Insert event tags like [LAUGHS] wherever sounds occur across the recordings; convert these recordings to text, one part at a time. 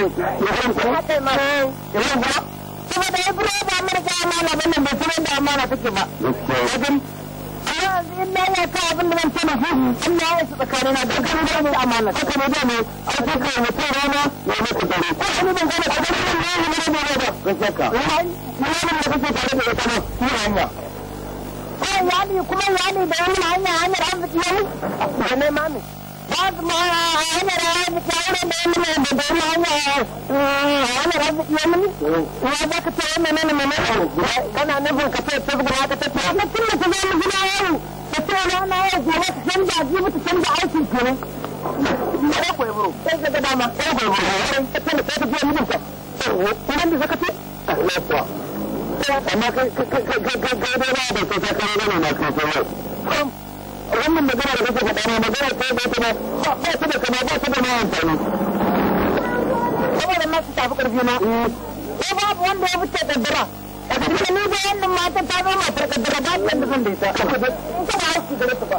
saboda ya kuma da amurka amana bane ba kuma da amana take ba wajen in ya ta abin da zan tana Allah ya su tsakanina da kuma da amana take ne da ne dama ɗan ta ta zaka amma kai kai kai kai da ba ta kai da na ka wannan magana da kake faɗa magana ta ta ba ta da kama ba ta da ma amfani saboda su tafi na ko babu wanda ya fice kaddara a cikin ni wannan mata ta zama matar kaddara ba ta da zan da ita ba ba su da ba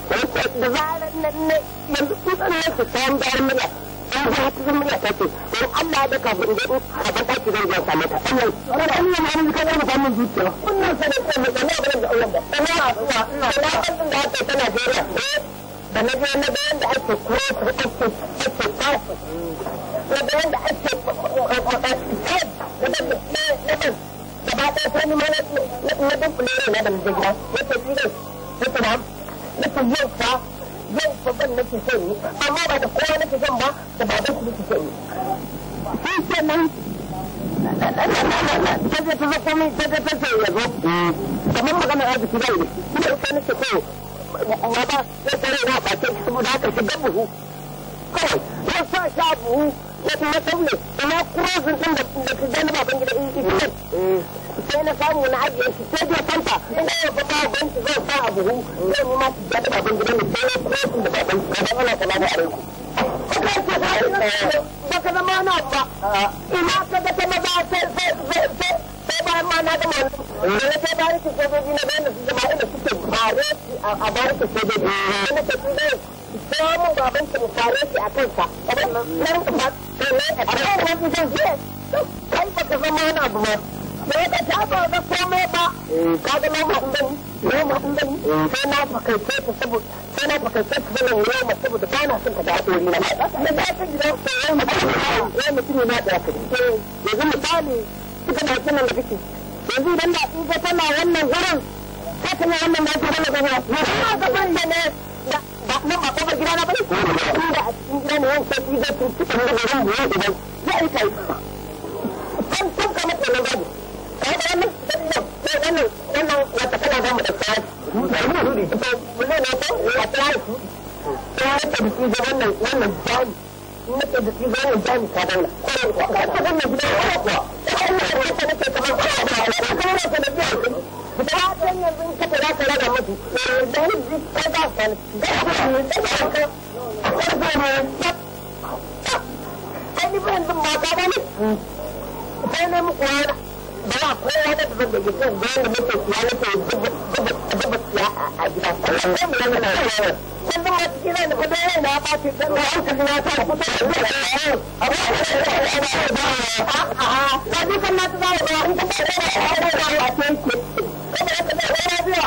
da zarar na yanzu kusan na su sayan bayan murya in ji cikin murya ta ce Allah da kafin da in abin ɗaki zan je same ta Allah wannan wannan hannun ka zama samun zuciya wannan sai da kuma da na barin da Allah ba ina ina ina kallon da ake ta Najeriya da na je na ga yanda ake kuma ake ake tafi na ga yanda ake gaba ta ne ne nake yau fa yau fa ban nake son yi amma ba da kowa nake son ba da baban ku nake son yi shi ke nan ta ta zo komai ta ta ce ya zo kamar maganar arziki zai ne kuma ita nake so baba zai tare da bakin saboda haka shiga buhu kawai zan sa sha buhu na kuma tablet ina kurozin din da da su gani baban gida in ji eh. sai na samu na ajiye shi sai da fanta in da ba ba ban ki zan sa abu sai mu ma su gani baban gida ne sai kurozin da baban gida da Allah salamu alaikum baka zama na ba ina ka ga ta maza sai sai sai sai bayan ma na gama wani eh. da sai bayan ki sojoji na bayan su zama inda suke bare a bare ki sojoji eh. na ta tunda kira mun baban ka misale shi a kansa a wannan nan ka a kan wani zan je kai ba ka eh. eh. na fakaice ta saboda sai na fakaice ta zama noma na son ka da haɗori na da yau mutum eh. yau tana wannan gurin ta wannan ba ta gana gana ba nan ba kofar gida na bane inda a ba gida ne wancan shi zai tuntuɓa ne da zan biyu idan ya yi kai kan tun kamar da nan gani kai da wannan wannan wannan wata kana ba mu da tsari mu ne ne ko ya tsari ta ta biki ga ba wannan jami nake da shi ba jami ka daula ko ko ka ga wannan gida ko ko wannan da nake kamar ko da wannan da nake kamar ko da wannan da nake kamar ko da wannan da nake kamar Ani ba yanzu mata da a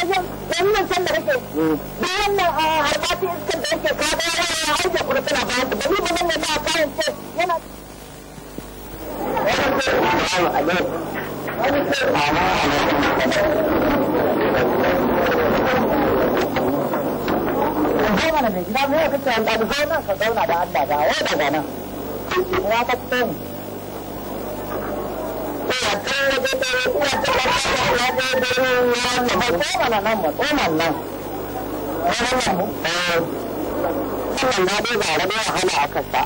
san mm. wannan ah, da ka ta nan. mana nan mu tsoman nan wannan na da ba da wahala a kasa ba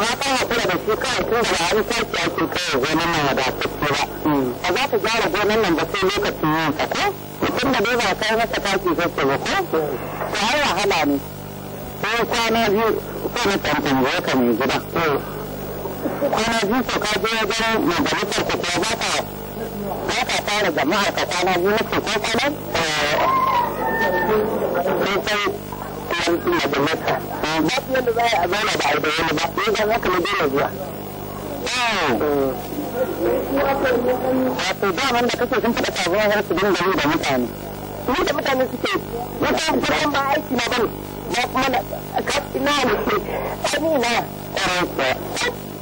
ma ta hakura da shi kawai tun da wani sarki ake kawai gonan nan wadatacce ba ba za ta gyara gonan nan ba sai lokacin yin ta ko mutum da ba kai masa taki sosai ba ko to wahala ne ko kwana biyu ko na tantan ya ka mai gida kwana biyu ko ka je wajen majalisar ku ko ba ka ba ka fara jama'ar ka kwana biyu na ko kwana eh, sai majalisa eh, ba su yadda za a zauna ba a yi da wani ba eh, dan haka na dole zuwa wato da kake sun faɗa sabuwar harsu da mutane ni da mutane suke kuma ba aiki na bane ba kuma na na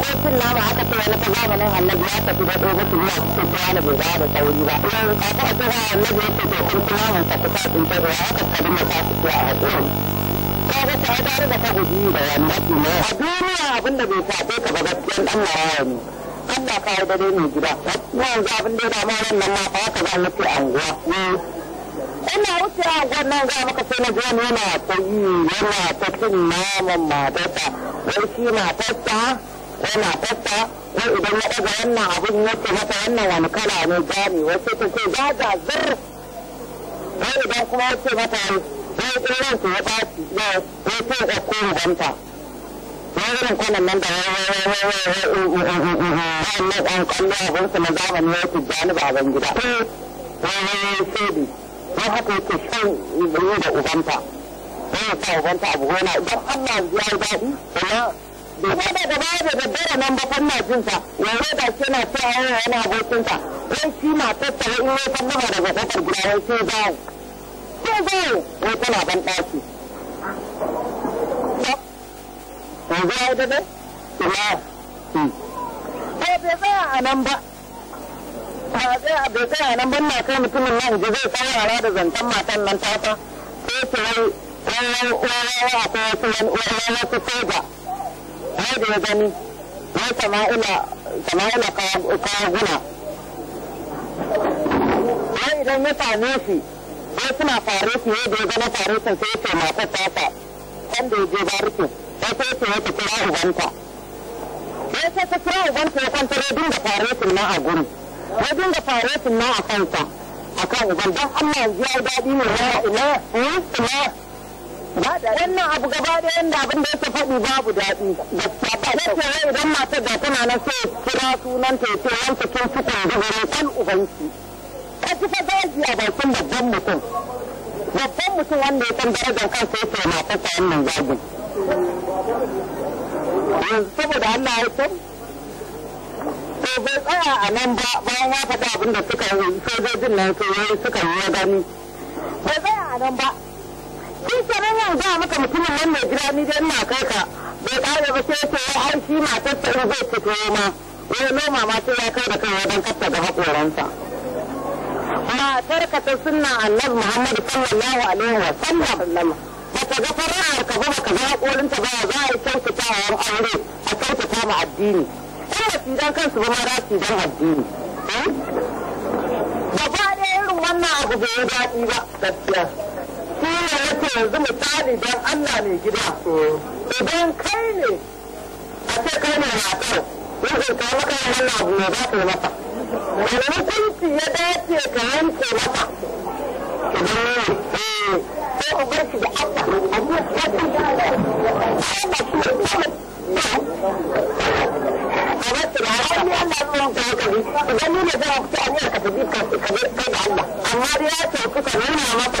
abokin nama haka sai wani ta zamanin annabi ya tafi da dogo su zuwa cikin tuwa da bai bada sauri ba idan kafin a tura annabi ya ce to kun kuma mun tafi ta tsinta da haka ta dinga ta fito a hakurin ka ga ta ta riga ta guji da wannan ne a duniya abin bai shafe ka ba gaskiyan dan maraya ne Allah ka yi dare mai gida yanzu abin da ya dama wannan ma fa haka za mu ce anguwa eh, ina wuce a wannan za maka sai na gani yana ta yi yana ta cin naman matata wai shi matata a matarsa ko idan ya ɗaga wannan abin ya ce mata wannan wani kala ne jami wace ta ce ja ga zar ko idan kuma ya ce mata wai in ransu ya ɓaci ya ce ya ko banta. wani kwanan nan da wannan ɗan kwallo na zamani ya ce jani baban gida. Wani shaidu, wani haka yake shan yi da ubanta. Wani sa ubanta abu gona idan Allah ya yi daɗi, kuma bai ba da baya da daddare nan ba kan jin ta yanzu da ke na ta yayin yana abokin wai shi ma tattara in daga kafar gida wai sai ba. ko zawo wai ban Ko bai tsaya a nan ba. Ba bai tsaya a nan ba na kai mutumin nan ji zai yara da zantan matan nan tata. Sai ta wai wani wani wani akwai wasu wani wani wasu soja. wanda ya gani wai sama'ila sama'ila kawaguna wai idan ya same shi wai suna fare shi yadda ya gana fare shi sai ce matar tasa wanda ya je barikin wai sai ce wata kira ubanta wai sai ta kira ubanta ya kwantar ya dinga fare shi na a guri ya dinga fare shi na a kansa a kan uban don Allah ya yi daɗi ne ya ina ina wannan abu gaba da yanda abin da yake faɗi babu daɗi gaskiya ba ta idan matar da tana na sai kira sunan ta ce wanda kin fita da kan ubanki ka ci fa zagi a bakin babban mutum babban mutum wanda ya san darajar kansa yake matar ta wannan zagin saboda Allah ya san to bai tsaya a nan ba bayan ya faɗi abin da suka yi sojojin nan sun yi suka yi gani bai tsaya a nan ba Tun sanar yau a maka mutumin mai gida ni dai ina kai ka. Bai kare ba sai ce wai ai shi matar ta in zai fito ma. wani noma ma sai ya kai da kai wajen kafta ga haƙoransa. Matar ka ta sunna annabi Muhammadu sallallahu alaihi wa sallam. Bata ga fara'ar ka ba baka ga haƙorinta ba za a yi kyautatawa aure a kyautata ma addini. in ba su dan kansu ba ma za su dan addini. Eh? Gaba ɗaya irin wannan abu bai yi daɗi ba gaskiya. shi ne yake yanzu misali don Allah mai gida idan kai ne a ce kai ne matar yanzu ka maka wannan abu ne za ka yi masa wani ya dace ka yanke masa sai ku bar shi da Allah Idan nuna da ya ce nuna masa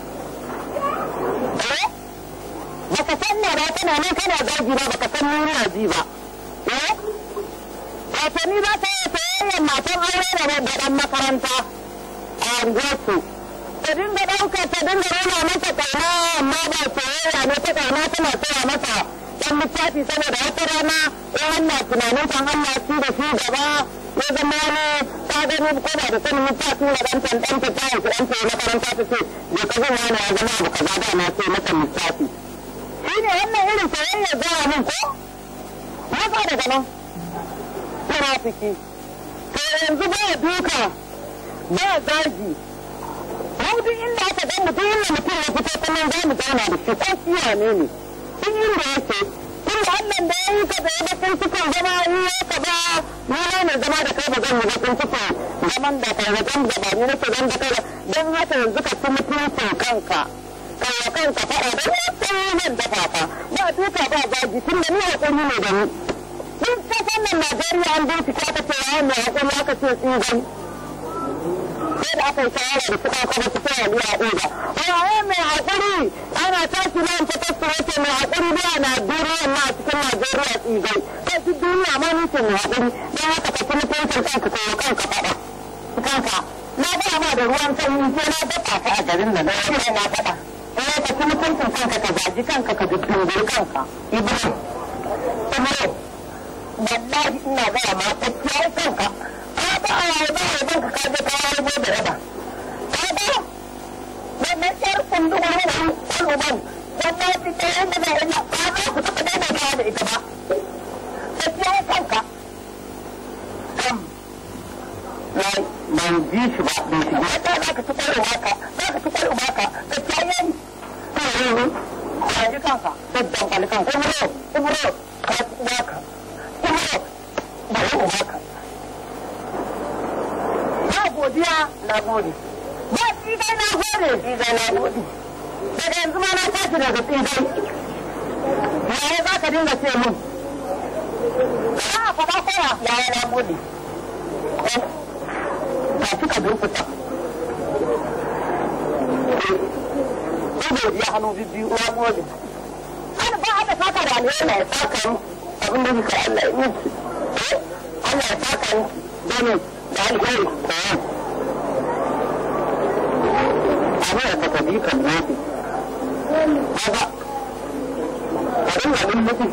baka san na ba kana nan kana daji ba baka san ni na ji ba eh wato ni ba sai sayayyan matan aure da da dan makaranta a unguwarsu ta dinga ɗaukar ta dinga nuna masa kauna amma ba sayayya ne ta kauna tana tsaya masa dan littafi saboda wata rana in Allah tunanin kan Allah su da su gaba ya zama ne ta gani ko da sanin littafi da dan tan dan ta ta dan ta makaranta ta ce ya kaza wani ya zama abu kaza da na ce maka littafi shi ne wannan irin koyon ya gaya min ko na sa daga nan munafiki to yanzu ba duka ba zagi mu duk inda aka ga mutum inda mutum ya fito kullum za mu zauna da shi ko kiwa ne ne tun inda yake tun da wannan da ya yi ka da ya ga kun cikin zama yi ya ka ba ni ne mai zama da kai ba zan mu ga kun sukan zaman da kai ba zan da ba ni nake zan da kai don haka yanzu ka ci mutuncin kanka. kai wa kanka faɗa da ni sai nan da fafa ba tuka ba zagi tun da ni hakuri ne da ni duk ta fannin Najeriya an bar ta ta ce ya mu hakuri aka ce tsingan sai da aka yi shawara da suka kuma su tsaya biya ɗoga waye mai hakuri ana tashi nan ta tattara wace mai hakuri biya Najeriya ma a cikin Najeriya tsingan kai duk duniya ma ni ce mai hakuri don haka ka kuma tantar kanka kai wa kanka faɗa kanka na ba ma da ruwan sanyi sai na dafa ta a garin nan na faɗa ya eh, ka kuma kankan kanka ka zaji kanka ka dubbe kanka ibrahim saboda wallahi ina gaya ma ka kiyaye kanka ka ba a waye ba waye banka ka je ka waye da raba ka ba wannan yar kunduwar wani kuluban wannan fita yadda da yana ka ba ku taɓa daidaitawa da ita ba ka kiyaye kanka ban ji shi ba bai shigo wata za ka ci ci ka ni ka ji kanka ka ci ba godiya na gode ba na gode na gode daga yanzu ma na tashi daga yaya za ka dinga ce mun a faɗa kowa yaya na gode Allah suka durkuta ido ya hannu bibbiyu uwa mole an ba a da fata da alheri ya saka mu abin da kika Allah ya miki eh, Allah ya saka mu dole da alheri abin da ka bi kan yaki kaga abin da mun mutu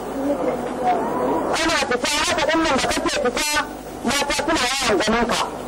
ana fita haka din nan da kake fita mata suna yawan ganin ka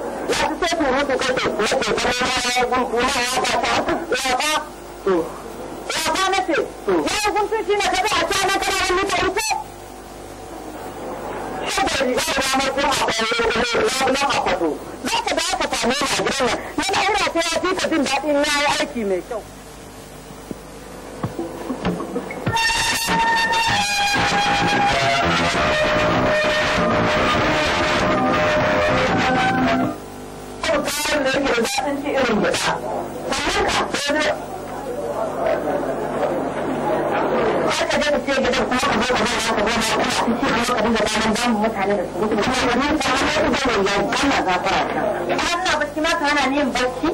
muku kake ko ko kuma ya ya ta ya ta to ya ya shi ne za ka ka samu na na ta ya fi ka jin daɗin yayi aiki mai kyau shimfiɗa haka zai ce gidan kuma ka zo ka zo ka zo ka mutane da su kuma ka zo ka zo ya kana gafara ta bacci ma ni bacci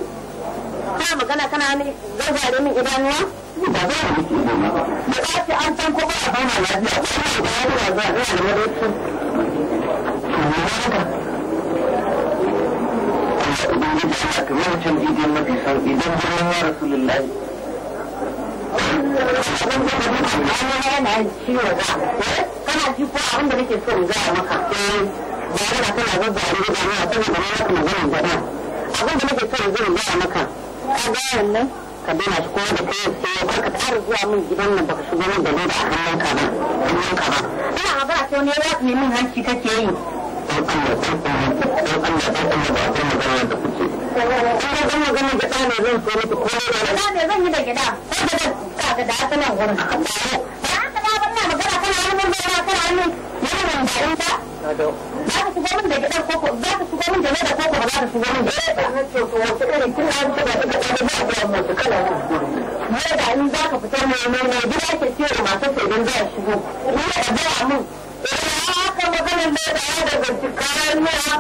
kana magana kana min idanuwa ba za a ba da an san ko a bana lafiya a da ba da a kamar mutum idan mafi san idan birnin ya rasu lullahi kana ko abin da nake so ba tana zaba a riga a da maka nake so in zo maka ka ga ka daina shi ko da kai sai ya ka tsara zuwa min gidan nan baka shigo min da a da hannunka ba hannunka ba ina ba sai ya min hanci kake yi dan Allah dan Allah dan Allah dan Allah da kuke kuma kun magana da ɗa ne zan so mata ko da ɗa ne zan yi da gida ko da ka ga da asalan gurin da aka ba ban magana kana hannun da kana hannun yaron da in ta za ka shigo min da gidan koko za ka shigo min da leda ko ba za ka shigo min da leda na ce to wata irin kin an ce ba ta da ba ta da mu kala ne da in za ka fitar mai mai gida ke ce masu sai dan za shigo ni da ba maganin da ya da gaske kayan nuna gero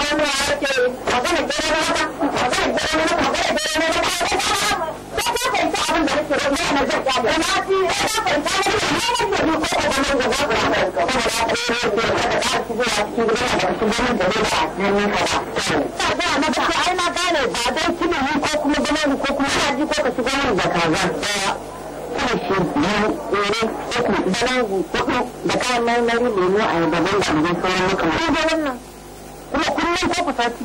hannu a yake magana magana abin da nake rana na zai ya ga na ta fahimta da na kuma da ta yi ta ka ta ko kuma ganin ko kuma ko ka ci da kaza shago kuɗi da kayan marmari lemo a yaba ban da abin sauran makamai. Ko wannan kuma kullum ko ku sati.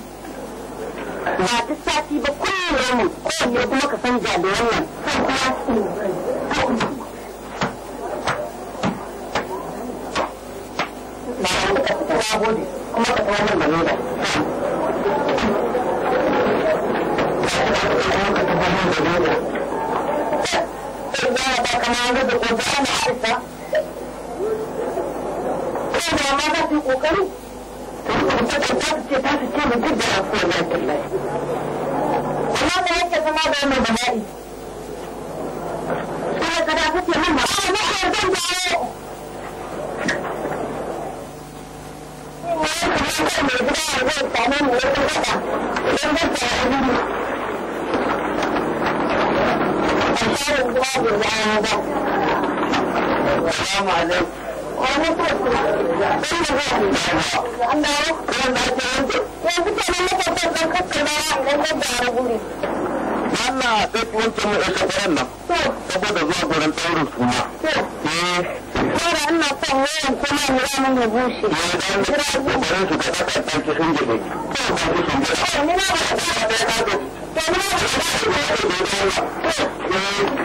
Ba ta sati ba kullum kuma ka san wannan. Kuma ka da. Thank you. وقالوا كتاب كتير جدا عفوا الله وماذا يكتب ماذا من بلائي أنا قد أعطيت منها أنا ما أعرفون بلائي السلام عليكم an dawo karan da ta mu ɗauka karan nan zuwa gurin tsaurin suna Mara ina son wayan kuma mu ramin ya bushe. Kira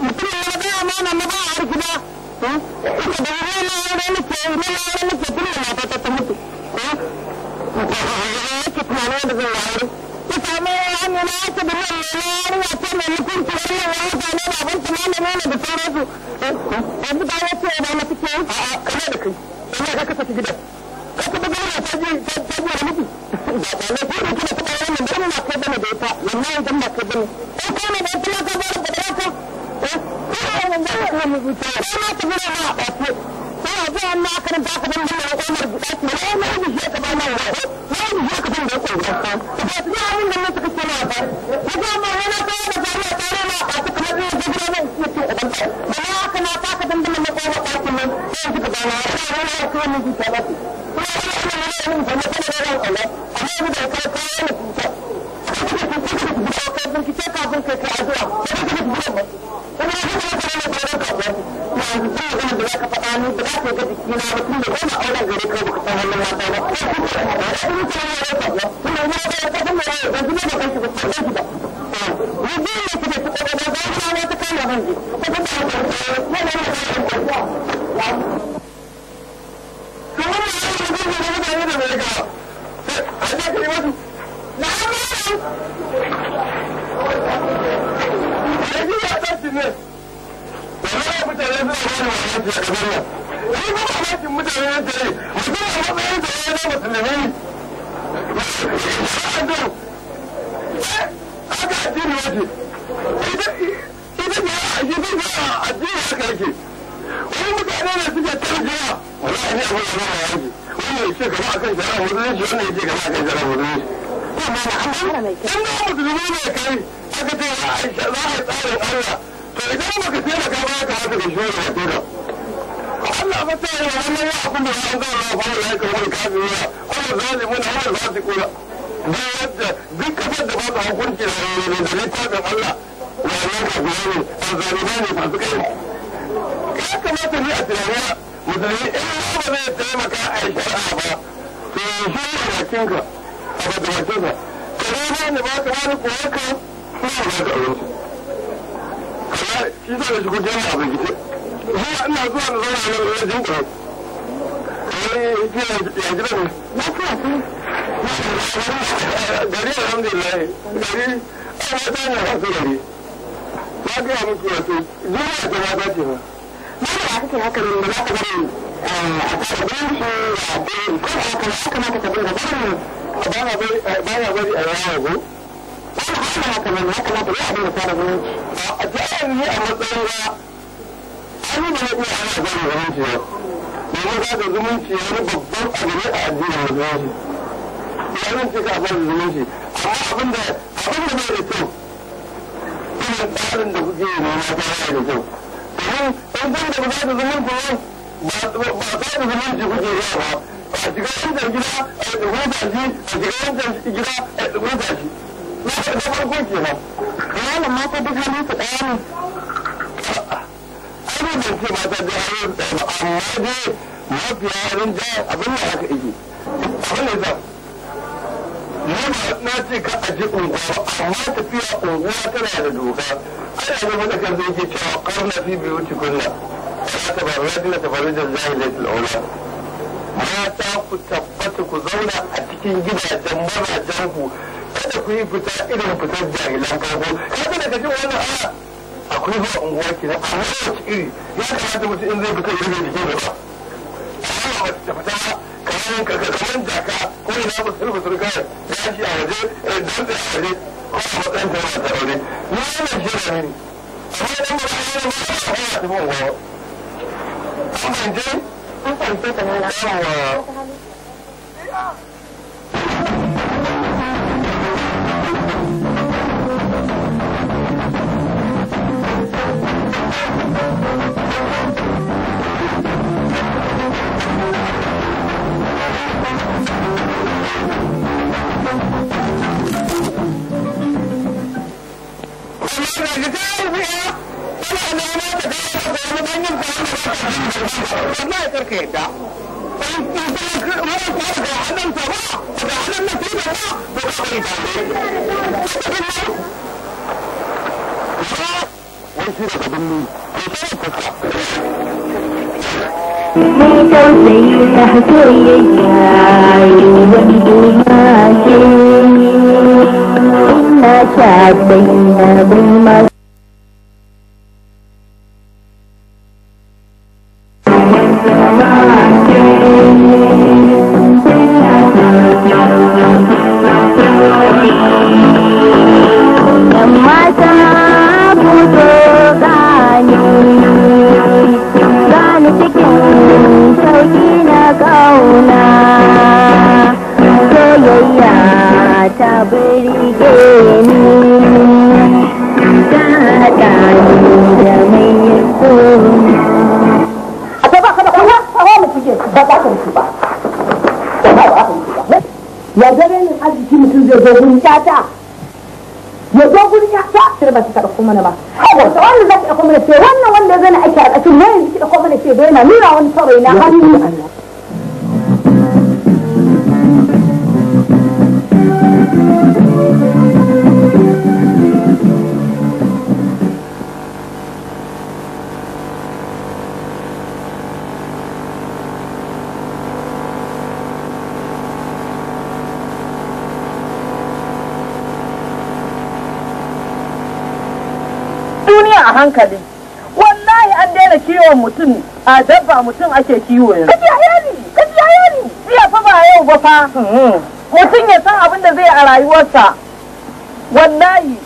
mutum ya ga na ba a harku ba ka da wani na wani nake na wani nake tun da mata ta mutu ya tunanin da zai wari ya samu wani na yake da wani na wani ya ce mai mutunci wani ya wani zane da abin tunanin ne da sauransu yanzu ba ya ce da masu ke a'a kama da kai ina ka kasa gidan ka kuma gana ta ji ta ji wani mutu ba ne ko da kuma na kai bane da ita wannan ko nan da wannan rubutu sai ma ta gina ma a ko sai a ga amma kan ba ka ban da Umar guda ki ne ma ni je ka ba ma wa ne ni je ka ban da Umar ka ba su ga mun da muka ce ma ba ya ga ma wani ka da ba ma tare ma a ta kuma zai ga gidan nan ki ce ban ba ma ka na ka ka ban da muka ce ma ba ki nan sai ki ba ma wani ka ne ki ta ba kuma ina ina ne mun da muka ce ma ba amma كنا في بيوتكن فلا تبرجن تبرج الجاهلية الأولى mata ku tabbata ku zauna a cikin gidajen mazajen ku kada ku yi fita irin fitar jahilan farko kada daga jin wannan ana akwai ba unguwa ke nan iri ya kamata mutum in zai fita irin da jikin ba amma ba ta fita kamar kaka kamar jaka ko ina ba sulhu sulka ya shi a waje eh, dantse a waje ko a matsayin ta mata aure ni wannan shi 阿问我阿妹在？阿妹在上面啦。ما يترك يبدأ Ni tausayin soyayya yi wani dumake, ina ta bayyana bai mana ba haka wanda za ki ɗauko ce wannan wanda zai na ake a ƙasin ne a ki ɗauko da ce bai na nuna wani saurayi na hannu hankali wallahi an daina kiwon mutum a dabba mutum ake kiwo yanzu kaji hayani kaji hayani jiya fa ba yau ba fa mm-hmm. mutum ya san abin da zai a rayuwarsa wallahi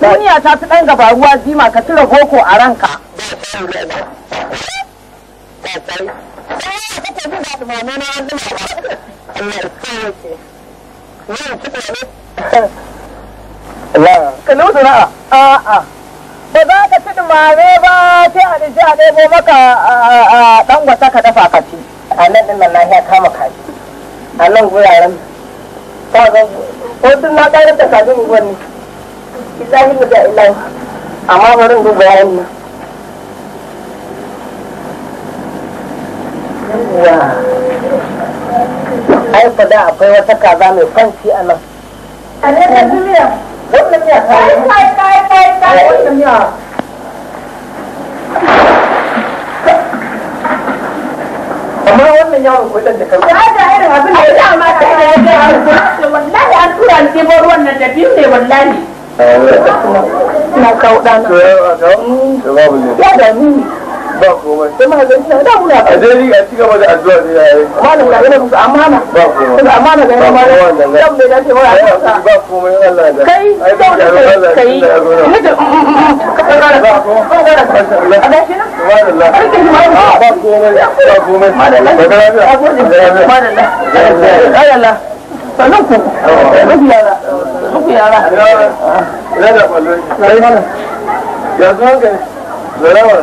duniya ta fi dan gabaruwa, ruwa jima ka cire boko a ranka ɗebo maka a ɗan wata ka dafa ka ci a nan ɗin nan ya kama kaji a nan guraren wasu na ƙarar da kajin gwani izahi da ilahi amma barin duba yayin nan ai da akwai wata kaza mai kwanci a nan a ne ta duniya wannan miya ta amma wannan yaro ko da kai da da irin abin da ya ma ta da ya ga wallahi an tura ni ba ruwan nan da biyu ne wallahi eh, na kauɗa Ya da ni. ba komai sai ma ga ita da muna a dai a ci gaba da addu'a ne yayi malam da yana musu amana ba komai amana ga yana malam dan bai dace wa a ba komai Allah da kai da kai kai ne da ka fara ba komai a dashi na subhanallah ba komai ba komai madalla da lafiya madalla ayalla sanin ku rubu yara rubu yara ina da ballo yanzu haka zarawar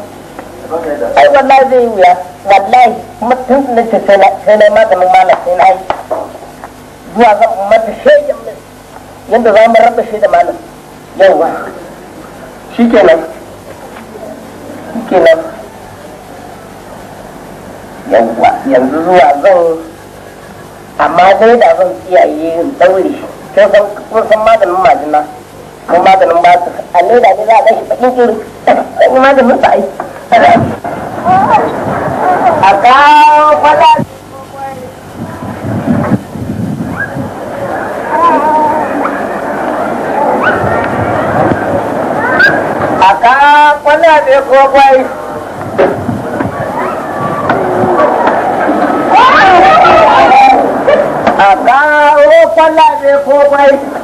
ai wallahi zai wuya wallahi kuma tun na ce sai na maganin mana sai na yi zuwa zan mata shaidan min yadda za mu raba shi da malam yawa shi kenan shi yawa yanzu zuwa zan amma dai da zan kiyaye in daure sai san kusan maganin majina mu maganin ba su da ne za a gashi bakin kiri sai ai a kawo kwallon ka ne a kawo ko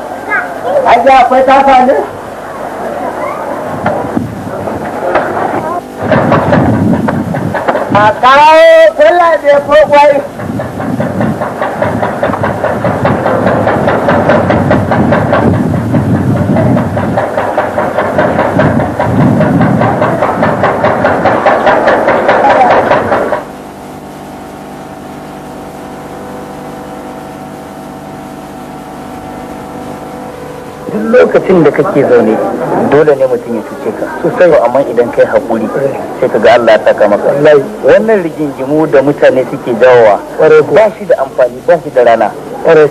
aji akwai tafa ne a kawo kula da duk lokacin da kake zaune dole ne mutum ya cuce ka sosai ba amma idan kai haƙuri sai ka ga Allah ya saka maka wannan rigingimu da mutane suke jawowa ba shi da amfani ba shi da rana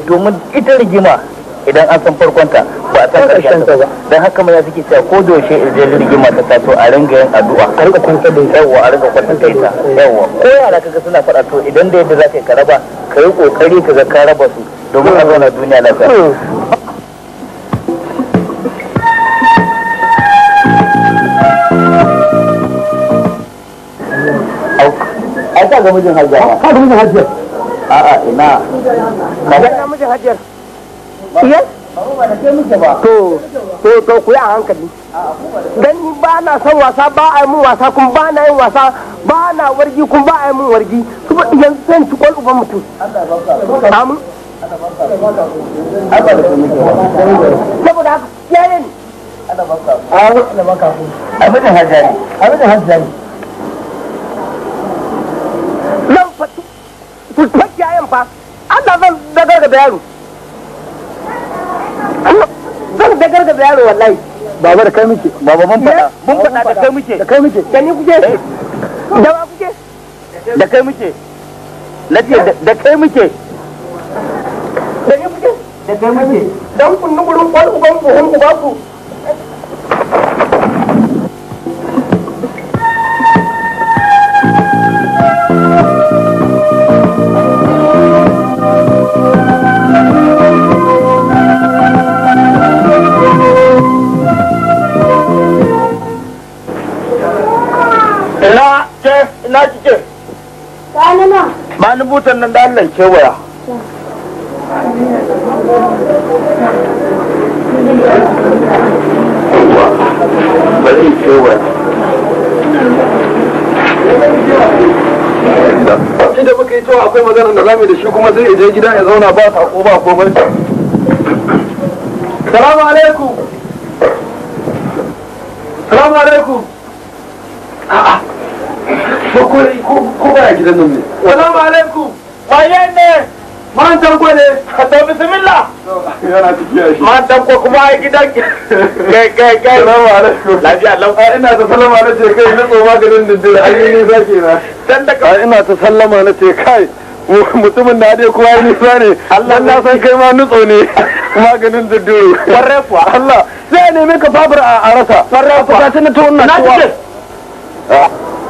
domin ita rigima idan an san farkonta ba a san karshen ta ba dan haka mai suke cewa ko da yaushe idan rigima ta taso a ringa yin addu'a a ringa kwanta da yawa a ringa kwanta da ita yawa ko yara kaga suna faɗa to idan da yadda za ka yi ka raba ka yi kokari ka ga ka raba su domin a zauna duniya lafiya hmm. ka ga mijin hajjar ka ga mijin hajjar a'a ina ga mijin hajjar iya to to to ku yi a hankali dan ba na son wasa ba a yi mun wasa kun ba na yin wasa ba na wargi kun ba a yi mun wargi yanzu zan ci kwal uban mutum amin saboda haka yayin abin da hajjari abin da hajjari su tafi yayan fa Allah zan dagar da yaro zan dagar da yaro wallahi baba da kai muke baba mun fada mun fada da kai muke da kai muke da ni kuke eh. da ba kuke da kai muke ce da kai muke da ni kuke da kai muke dan kunnu gurin kwal uban ku hun uban ku ina kike kana nan ma ni butan nan da Allah kewaya bari kewaya inda muka yi cewa akwai maganar da zamu da shi kuma zai je gida ya zauna ba sako ba komai salamu alaikum salamu alaikum a'a ko ko ba gidan nan ne salamu alaikum waye ne man tanko ne to bismillah yana tafiya shi man tanko kuma ai gidan kai kai kai salamu alaikum lafiya lau ina ta sallama na ce kai na tsoma garin dindin an yi nisa kenan dan da ina ta sallama na ce kai mutumin da dai kowa nisa ne Allah na san kai ma nutso ne maganin dudduru farre kuwa Allah sai nemi ka babur a rasa farre kuwa ta tuna ta wannan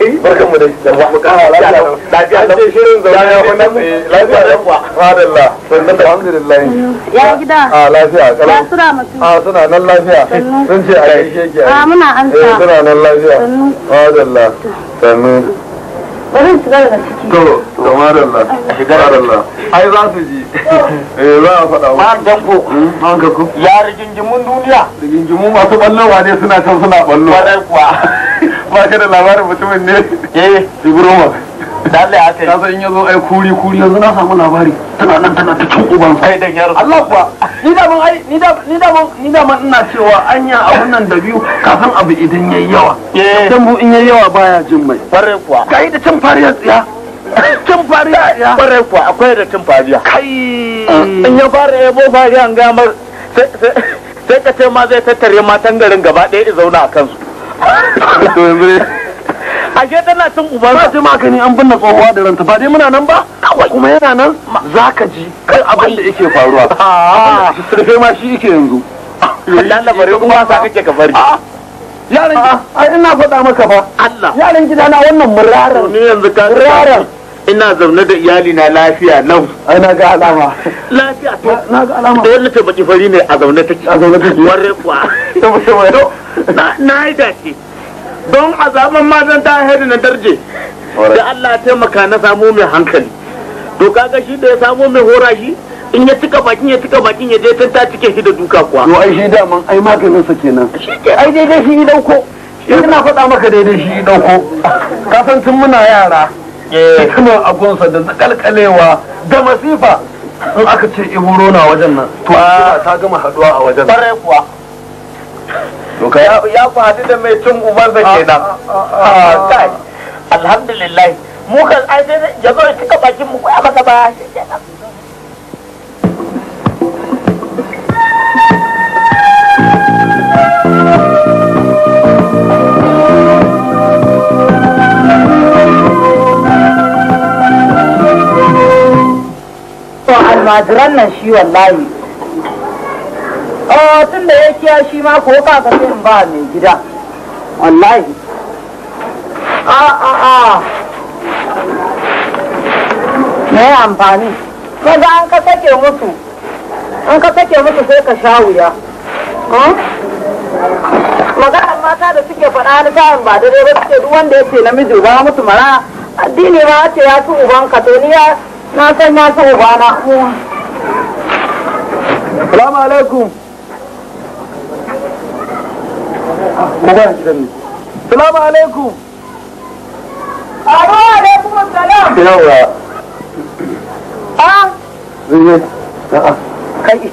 Eh, barkan mu da yawa lafiya lafiya lafiya ya gida lafiya ya sura suna nan lafiya sun ce a gaishe ki eh, suna nan lafiya fadalla sannu su to to madalla madalla ai za su ji eh za a faɗa ma danko ma ku. ya rigingimun duniya rigingimun masu ballowa ne suna can suna ballo kuwa [LAUGHS] ba ka da labarin mutumin ne eh ibroma dalle aka yi kasa in yazo ai kuri kuri yanzu na samu labari tana nan tana ta cin uban sai dan yaro Allah kuwa ni da ban ai ni da ni da ban ni da man ina cewa anya abun nan da biyu kafin abu idan yayi yawa eh. dan bu in yayi yawa baya jin mai bare kuwa kai da cin fariyar tsiya cin fariya ya bare kuwa akwai da cin fariya kai eh, in ya fara yabo fariya an gamar sai ka ce ma zai tattare matan garin gaba ɗaya zauna a kansu to yanzu ashe tana cin uba ba ji magani an binne tsohuwa da ranta ba dai muna nan ba kuma yana nan zaka ji kai abin da yake faruwa [LAUGHS] ah. sai ma shi yake yanzu [LAUGHS] kuma sa kake ka bari ah. yaran ah. ai ina faɗa maka fa Allah yaran wannan muraran ne yanzu ka ina zaune da iyali na lafiya lau ai na ga alama lafiya to na ga alama da wannan baki fari ne a zaune take a zaune take warre kuwa to na yi dace don a ma zan ta hedi na darje da Allah ya taimaka na samu mai hankali to kaga shi da ya samu mai horashi in ya tuka bakin ya tuka bakin ya je tun ta cike shi da duka kuwa to ai shi daman ai maganin sa kenan shi ke ai dai shi dauko ina faɗa maka dai shi dauko ka san tun muna yara hikima eh, a gunsa da zakalkalewa da masifa in aka ce iburo na wajen nan to ah. ta gama haduwa a wajen bare kuwa to kai ya faɗi da mai cin ubansa ah, kenan ah, kai alhamdulillah mu kan ai sai ya zo cika bakin mu kai aka ba shi kenan almajiran nan shi wallahi oh tun da ya kiya shi ma ko ka ka sai in ba mai gida wallahi a ah, a ah, a ah. me amfani kaga an ka sake musu an ka sake musu sai ka sha wuya hmm? magana mata da suke faɗa ni sa'an ba dai ba suke duk wanda ya ce namiji ba mutu mara addini ma ce ya ci ubanka to ni ya na san ya so bana salamu alaikum salamu alaikum Aro alaikum salam. Yawa. Ah. Zai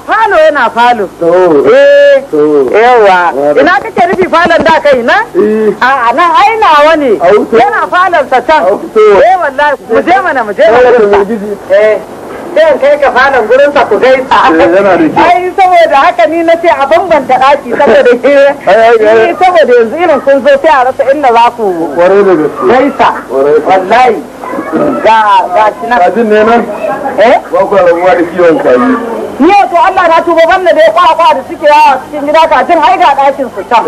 falo yana falo eh yawa ina kake rufi falon da kai na eh. a nan ai nawa yana falon sa can eh wallahi mu je mana mu je mana eh sai kai ka falon gurin sa ku gaisa eh, ai saboda haka ni na ce a bambanta daki saboda ni saboda yanzu irin sun zo sai a rasa inda za ku gaisa wallahi ga ga shi nan eh ba ku rabuwa da kiwon kaji ni yau to Allah na tuba banda da ya kwa da suke yawa cikin gida kafin ai ga dakin su can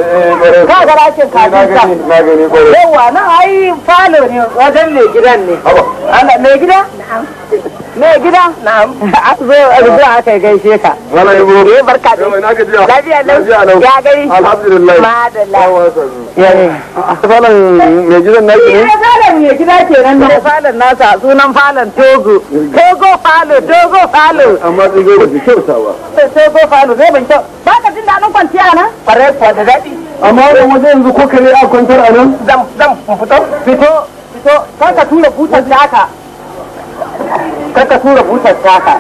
ka ga ɗakin kafin can yawa na ai falo ne wajen mai gidan ne mai gida mai gida na'am a zo zo aka yi gaishe ka wala yi buru eh barka da lafiya lau ya gari alhamdulillah madalla ya ne falon mai gidan na ne falon mai gida kenan na falon nasa sunan falon togo togo falo togo falo amma tsigo da kyautawa. Sai ko fa'alu zai ban kyau. Ba ka jin daɗin kwanciya nan? Kwarai kuwa da daɗi. Amma wannan waje yanzu ko kare a kwantar a nan? Zan zan fito. Fito fito kar ka tura butar ta haka. Kar ka tura butar ta haka.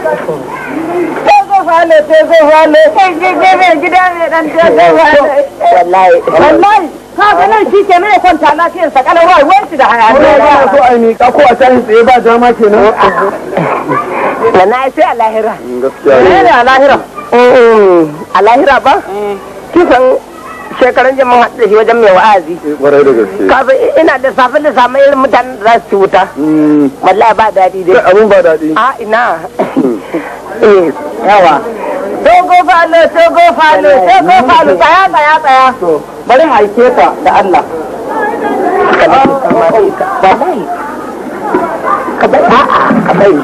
Sai ko fa'alu sai ko fa'alu. Kai gida mai dan sai ko fa'alu. Wallahi. Wallahi. ka ga nan shi kenan ya kwanta lafiyar sa kana wai wai shi da hayaniya ba so ai mi ko a tashi tsaye ba dama kenan na na sai a lahira gaskiya ne a lahira a lahira ba kisan shekaran jamin haɗu da shi wajen mai wa'azi. Kwarai eh, da gaske. ina da safin da samun irin mutanen da za su ci wuta. Hmm. Wallahi ba daɗi dai. Abin ba daɗi. A ina. Hmm. Eh, yawa. dogo falo dogo falo dogo falo tsaya tsaya tsaya bari haike ka da Allah kabai, kabai, kabai,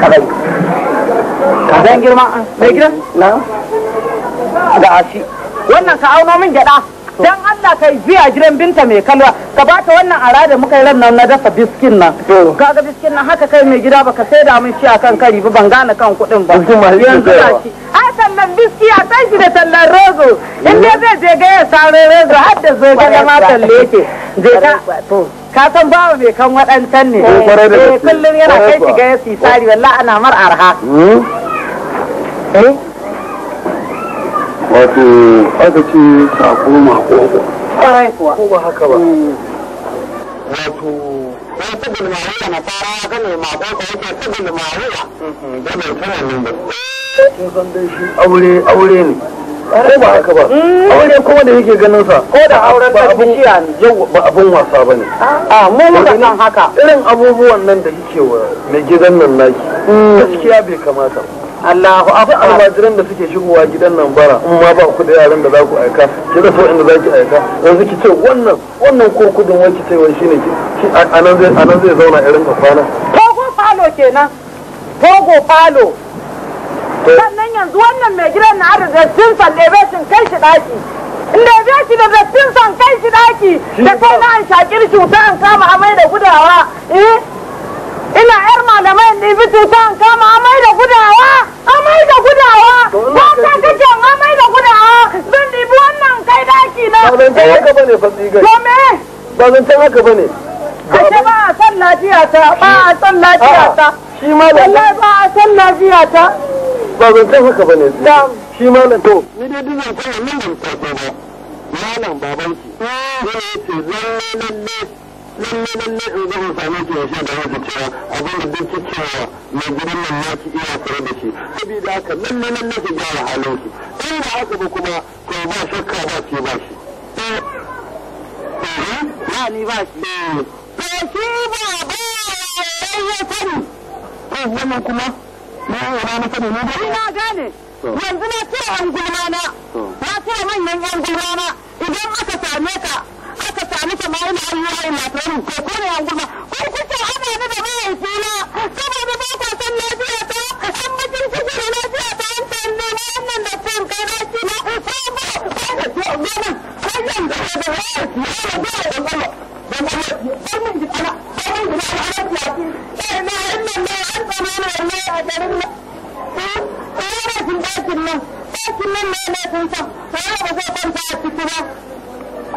kabai, kabai, wannan ka auno min dan Allah kai biya gidan binta mai kalwa ka bata wannan ara da muka yi ran na dafa biskin nan kaga biskin nan haka kai mai gida baka sai da mun shi akan kari ba ban gane kan kuɗin ba yanzu shi sannan biski a san shi da tallan rogo in dai zai je ga ya saro rogo har da zo ga ma talle ke je ka ka san bawa mai kan waɗancan ne eh, kullum yana kai ga ya sisari wallahi ana mar arha hmm? eh? wato aka ce sako ƙwarai kuwa ko ba haka ba hmm. wato na fara gane yake hmm. da ne ba kin san dai shi aure aure ne ko ba haka ba hmm. aure kuma da yake ganin sa ko da auren ta bishiya ne yau ba abun wasa ne. a ah, ah, mu muka san haka irin abubuwan nan da yake wa mai gidan nan naki gaskiya bai kamata ba Allahu akbar almajiran da suke shigowa gidan nan bara in ma ba ku da yaran da za ku aika ki da so inda za ki aika yanzu ki ce wannan wannan kurkudin wanki ce wai shine ki anan zai anan zai zauna irin ka kwana togo falo kenan togo falo sannan yanzu wannan mai gidan na arziki sun sallebe sun kai shi daki lebe shi da dattin san kai shi daki da kai na an shakir cuta an kama amai da gudawa eh ina yar malamai in ɗibi cuta kama amai da gudawa amai da gudawa ko ta kace amai da gudawa zan ɗibi wannan kai daki na ba zan eh? haka bane fa tsigar to me ba zan haka bane kace ba a san lafiya ta ba a san lafiya ta shi malam ba a san lafiya ta ba zan haka bane da shi malam to ni dai dizan ko nan ban sako ba malam babanki ne eh. ce zan lalle lalle lalle in zan same ki yasha da wata cewa abin da duk cewa mai gidan nan ya ki iya tare da shi saboda haka lalle lalle ki gyara halin ki in da haka ba kuma to ba shakka ba ki ba shi ba ni ba shi to shi ba ba ya sani to wannan kuma na yana na sani ne ba ina gane yanzu na ce an gulmana na ce manyan yan gulmana idan aka same ka muka ma yana yi yayin na tarin ko ko ne yanzu ma ko ku ce ana ni da mai tsina saboda ba ka san lafiya ta san mutunci da lafiya ta an san ne wannan da kan kai na ci na san ba ko da ko ba ko yan da da da ya ba da ba da ba ban mun ji kana ban mun ji kana lafiya eh na inna ne an tsama ne wallahi a garin nan ko ko ne jin dakin nan dakin nan ne na kun san ko ba zai kwanta a ciki ba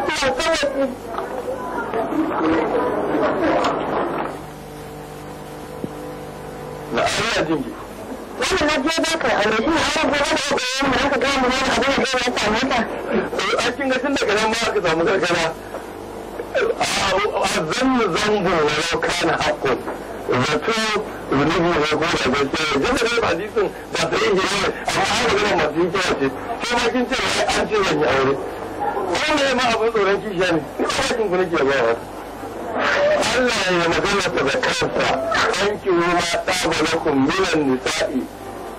na ana jin ji wani na je ba ka na da da a da da yi yi yi aure wanda ya ma abin tsoron kishiya ne duk aikin ku nake gaya masa Allah ya magana ta da kansa an ki ma tabalakum minan nisa'i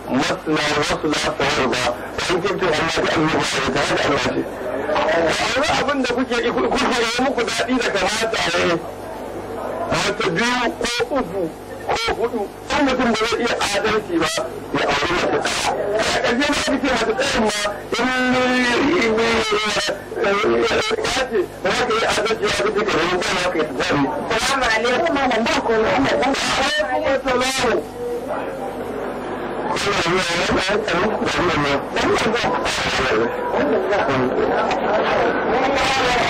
masna wasu lasa warba an kirkin Allah da Allah ba ta da Allah ce yanzu abin da kuke kuke yi muku daɗi da kamata ne wata biyu ko uku ko hudu tun mutum da zai iya adalci ba ya auri mace ɗaya a ƙarshe ma ma in ne ya ce ba za ka yi adalci ka yi tsari. Salamu alaikum ko na zan ka salamu. Thank you.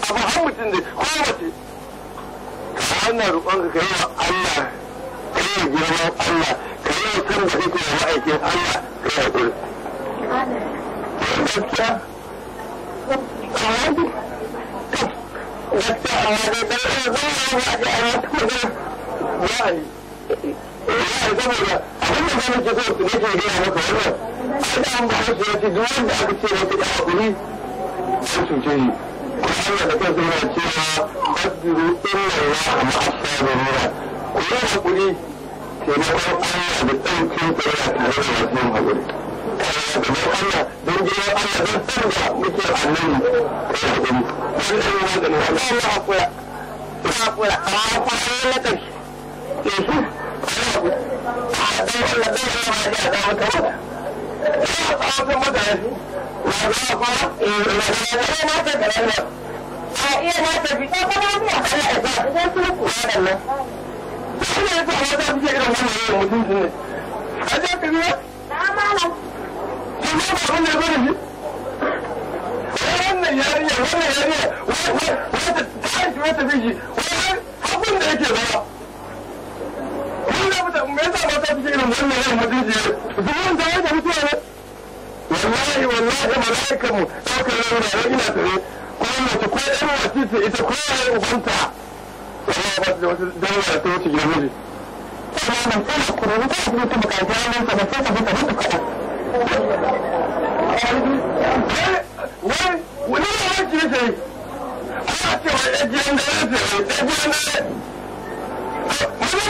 kuma har mutum da ko mace wannan roƙon ka kai wa Allah ka yi girman Allah ka yi wa da kake da ma'aikin Allah ka yi hakuri. Gaskiya gaskiya a ya Allah da kansa yana cewa asbiru inna Allah ma'as-sabirina ku yi hakuri taimakon Allah da ɗaukin sa tare da masu hakuri Allah wannan yarinya wannan yarinya wata ta haifi wata miji wani abin da yake zama wani abu da me yasa mata suke irin wannan yan mutunci duk da ya da mutuwa ne wallahi wallahi malaikan mu ɗaukar nan da ina tare ko mace ko ɗan wace ce ita ko ya ubanta wallahi ba da wata dawla ta wuce gidan miji kuma mun tsaya kuma mun tsaya kuma kuma kan jawo mun sama sai ka buka mutu kaɗan wai wani ne wajen ce ana cewa ya jiyan da ya ce ya jiyan da ya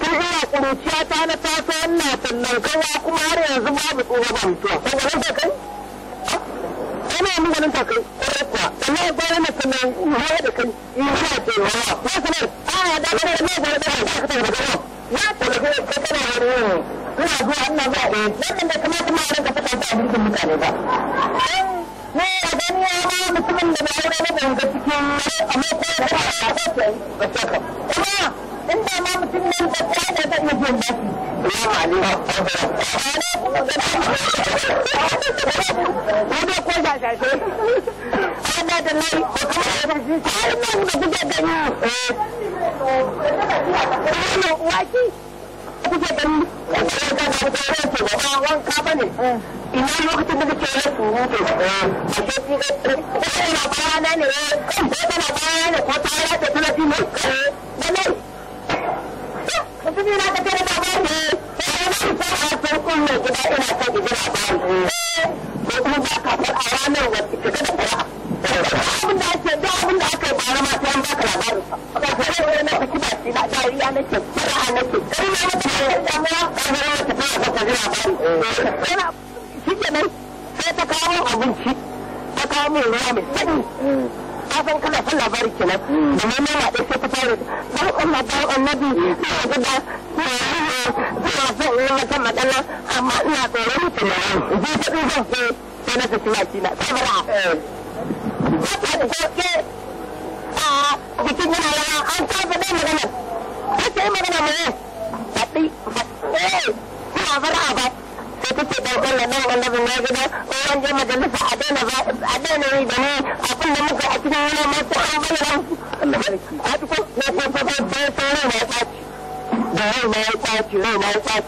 tun ina kuruciya ta na taso wannan tallan kawa kuma har yanzu babu tsoro ba mutuwa ko ganin ta kai ana yi ganin ta kai kwarai kuwa sannan ya gwada na tallan hawa da kai in sha ce wa wa sanar a ya da kare ne gwada da ta ka tabbata na tallan ka kana wani yau ina zuwa ina zuwa eh wannan da kamata ma ran ka fata ta abincin mutane ba ni a ma mutumin da na aure na ganga cikin da ba da ga kuke gani a cikin kan da kuke rage ba wanka ba ne eh. ina lokacin da kuke rage mutu a cikin eh, kuɗi na bayana ne eh, kan ko tana bayana ko ta ya ta tana fi ne da ne ne yana ka ne da ba ne ne ya mutu farkon mai gida ina son in jira bayan ko kuma ba ka fara a ranar wacce ka gaba fara. Abin da ake da abin da aka yi bara ma ta yanzu aka labarin. Ba ka yi wani na biki ba ce na dariya nake fara nake. Ɗan ma mutum ya yi ɗan ma ɗan ma ta fara ka jira bayan. Shi kenan sai ta kawo abinci ta kawo min ruwa mai sanyi. ka san kana son labari kenan domin ma ma ɗauke ta fara dan Allah dan annabi ina gida ina yi mata magana amma ina tsoron mutum ji ta zan ce sai na tafi a eh, jikin ah, yana shi rai ma ya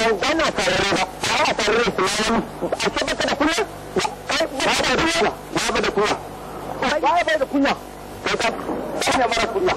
ban bana tarare ba ba a tarare su ma a ce baka da kunya ba ba da kunya ba ba da kunya ba ba da kunya kai ka kunya mara kunya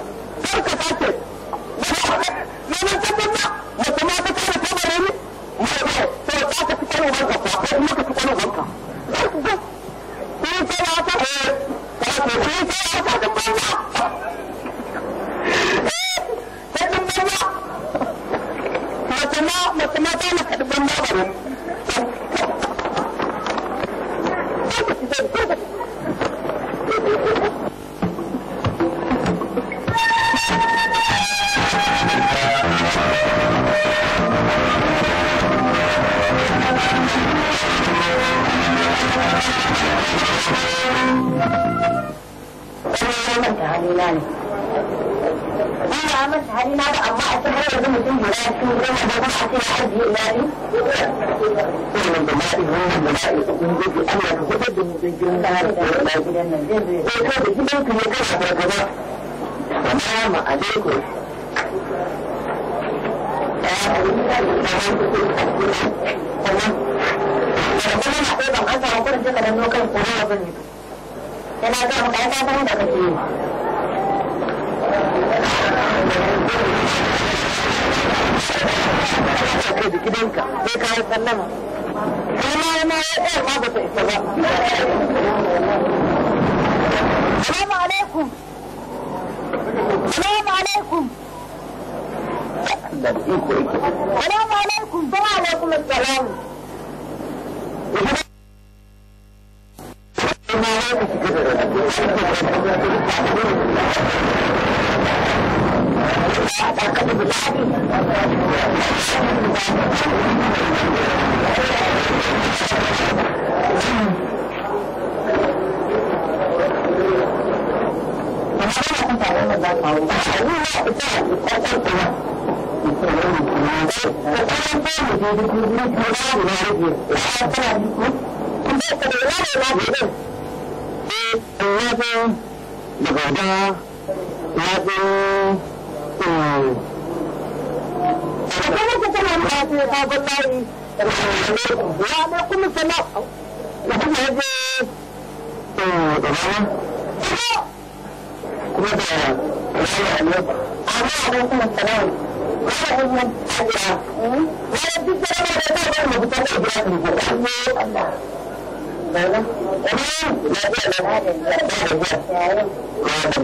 Kuma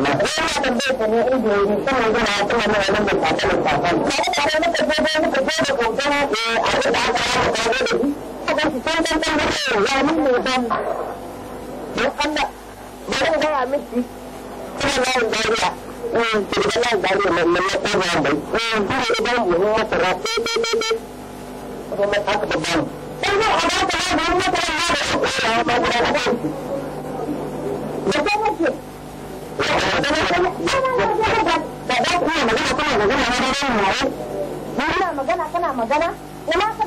yana tambayar ta ne inda ya da da a da da da zai Ina magana magana? da. da magana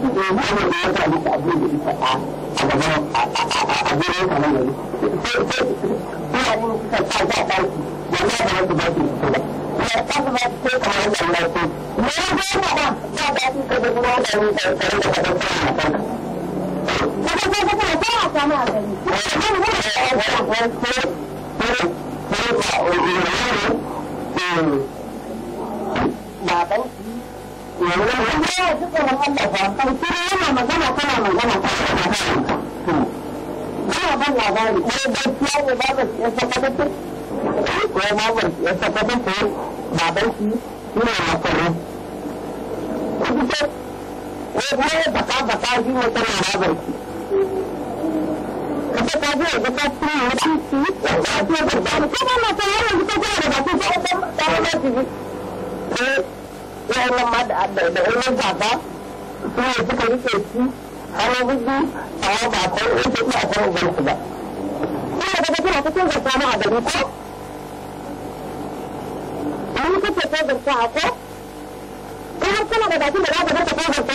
da ya a ta a wanda ya yana magana kana magana ta yawan ma da zaba su ne suka rike gudu a yau ba in kan ba. Ina da kira zarta ko? zarta ko? kana da bakin da za ka zarta tun zarta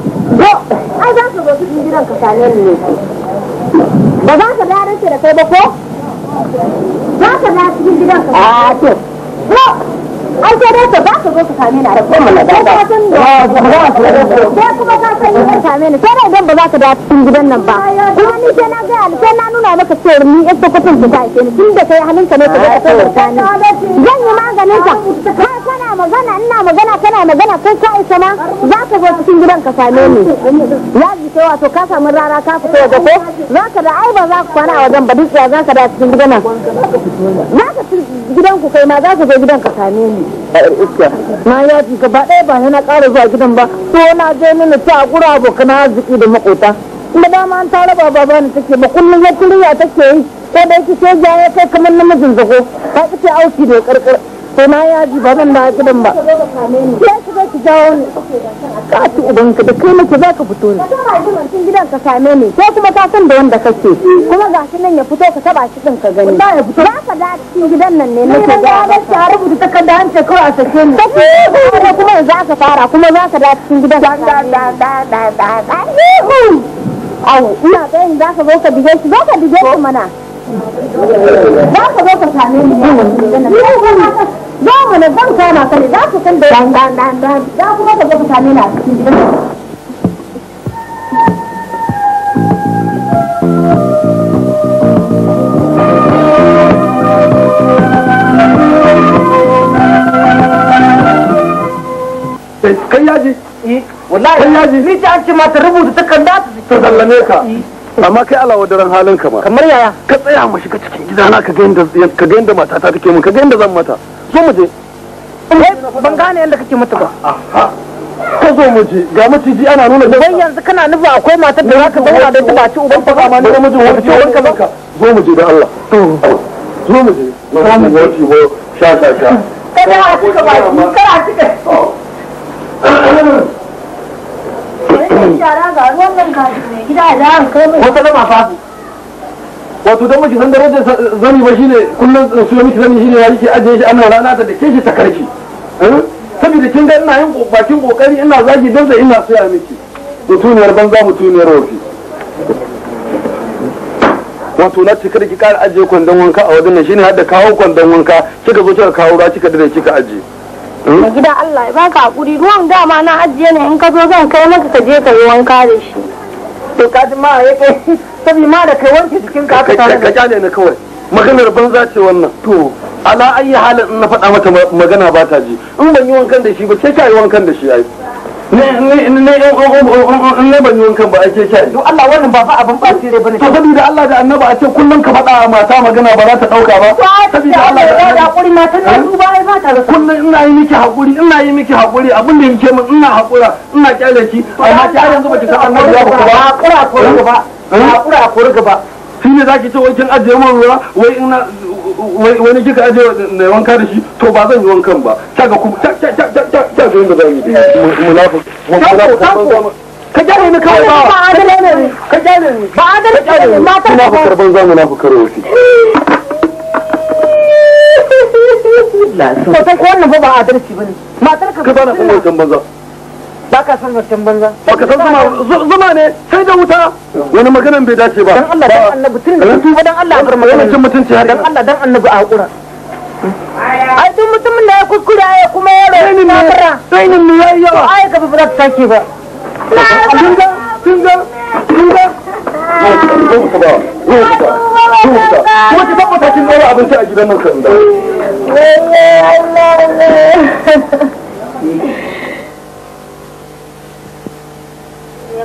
go ai za su zo cikin gidan ka same ni ne ba za ka dare ce da kai ba ko za ka da cikin gidan ka a to ai sai dai ka za ka zo ka same ni a rabu mun da ka san ba ni sai kuma ka san ni ka same ni sai dai idan ba za ka dawo cikin gidan nan ba kuma ni sai na ga sai na nuna maka cewa ni ita kofin ta ke ni tun da kai halinka ne ka ga ka san ni zan yi maganin ka ka kana magana ina magana kana magana kai ka isa ma za ka zo cikin gidan ka same ni ya ji kai wato ka samu rara ka fito da ko za ka da ai ba za ku kwana a wajen ba duk ya za ka dawo cikin gidan nan za ka gidan ku kai ma za ka zo gidan ka same ni a yar iska na yaji gaba ɗaya ba yana ƙara zuwa gidan ba to na je ni na a gura abokan arziki da makota da dama an tara ba ba ni take ba kullum ya kuriya take yi ko da yake sai ya kai kamar namijin zago ta kace auki da karkar ko ya ji ba zan da gidan ba ya ki zai ki jawo ni ka ci ka da kai za ka fito ne tun gidan ka same ni ko kuma ka san da wanda kake kuma ga shi nan ya fito ka taba shi din ka gani ba ya fito ba ka da cikin gidan nan ne ka ga ba ta rubuta takarda an ce kawai a sake ni kuma kuma za ka fara kuma za ka da cikin gidan da da da da da da au ina ga yanzu za ka zo ka da shi zo ka dige shi mana za ka zo ka same ni ne za mu ne zan kama ka ne za ku san da dan za ku ka zo ka same ni a cikin gidan kai yaji eh, wallahi kai yaji ni ta ce mata rubuta takarda ta sallame ka eh. amma kai alawa daren halin ka ma kamar yaya ka tsaya mu shiga cikin gidana ka ga yanda ka ga yanda ta take mun ka ga yanda zan mata zo mu je eh, ban gane yanda kake mata ba ka zo mu je ga maciji ana nuna da wai yanzu kana nufa akwai matar da zaka zauna da ita ba ci uban ka amma ni ne namijin wani ce wanka zaka zo mu je da Allah zo mu je za mu je ci ho sha sha sha da ha cika ba kada cika yara ga ruwan ga gida da an kai mai wata lama fa wato don miki san darajar zani ba shine kullum su yi miki zani shine ya yake ajiye shi ana rana ta da ke shi ta karki eh? saboda kin ga ina yin bakin kokari ina zagi don da ina soya miki mutuniyar banza mutuniyar wofi wato na cika da ki kara ajiye kwandon wanka a wajen nan shine hadda kawo kwandon wanka kika zo kika kawo ruwa kika da kika ajiye ma eh? gida Allah ya baka hakuri ruwan dama na ajiye ne in ka zo zan kai maka ka je ka yi wanka da shi to kaji ma ya kai sabi ma da kai wanke jikin ka aka tare ka kyale ni kawai maganar banza ce wannan to ala ayi halin in na faɗa mata magana ba ta ji in ban yi wankan da shi ba sai ka yi wankan da shi ai ne ban ne wankan ba a ke kyai. Don Allah wannan ba fa abin ba sire bane. To saboda Allah da annaba a ce kullum ka faɗa mata magana ba za ta dauka ba. Saboda Allah da annaba. Hakuri mata na duba ai za ta rasa. Kullum ina yi miki hakuri ina yi miki hakuri abin da yake min ina hakura ina kyale ki amma ki har yanzu baki san annabi ya ba. Hakura ko rigaba. Hakura ko rigaba. Shi ne zaki ce wai kin ajiye min ruwa wai ina wani kika ajiye wanka da shi to ba zan yi wankan ba. Kaga kuma rasa yadda za yi ka jare ni kawai ba ka jare ni ka jare ni ba adalci ne mata ina fakar banza munafikar wasi Sosan ko wannan fa ba adalci bane. Matar ka ka bana san wancan banza. Ba ka san wancan banza. Ba ka san zuma zuma ne sai da wuta. Wani maganan bai dace ba. Dan Allah dan Annabi tun dan Allah a bar magana. Dan Allah dan Annabi a hakura. ai duk mutumin da ya kuskure ya kuma ya rayu na tsainin mu yayi yawa ai ka ta sake ba kin ga kin ga kin ga kuma ki tabbata kin abinci a gidan nan kan da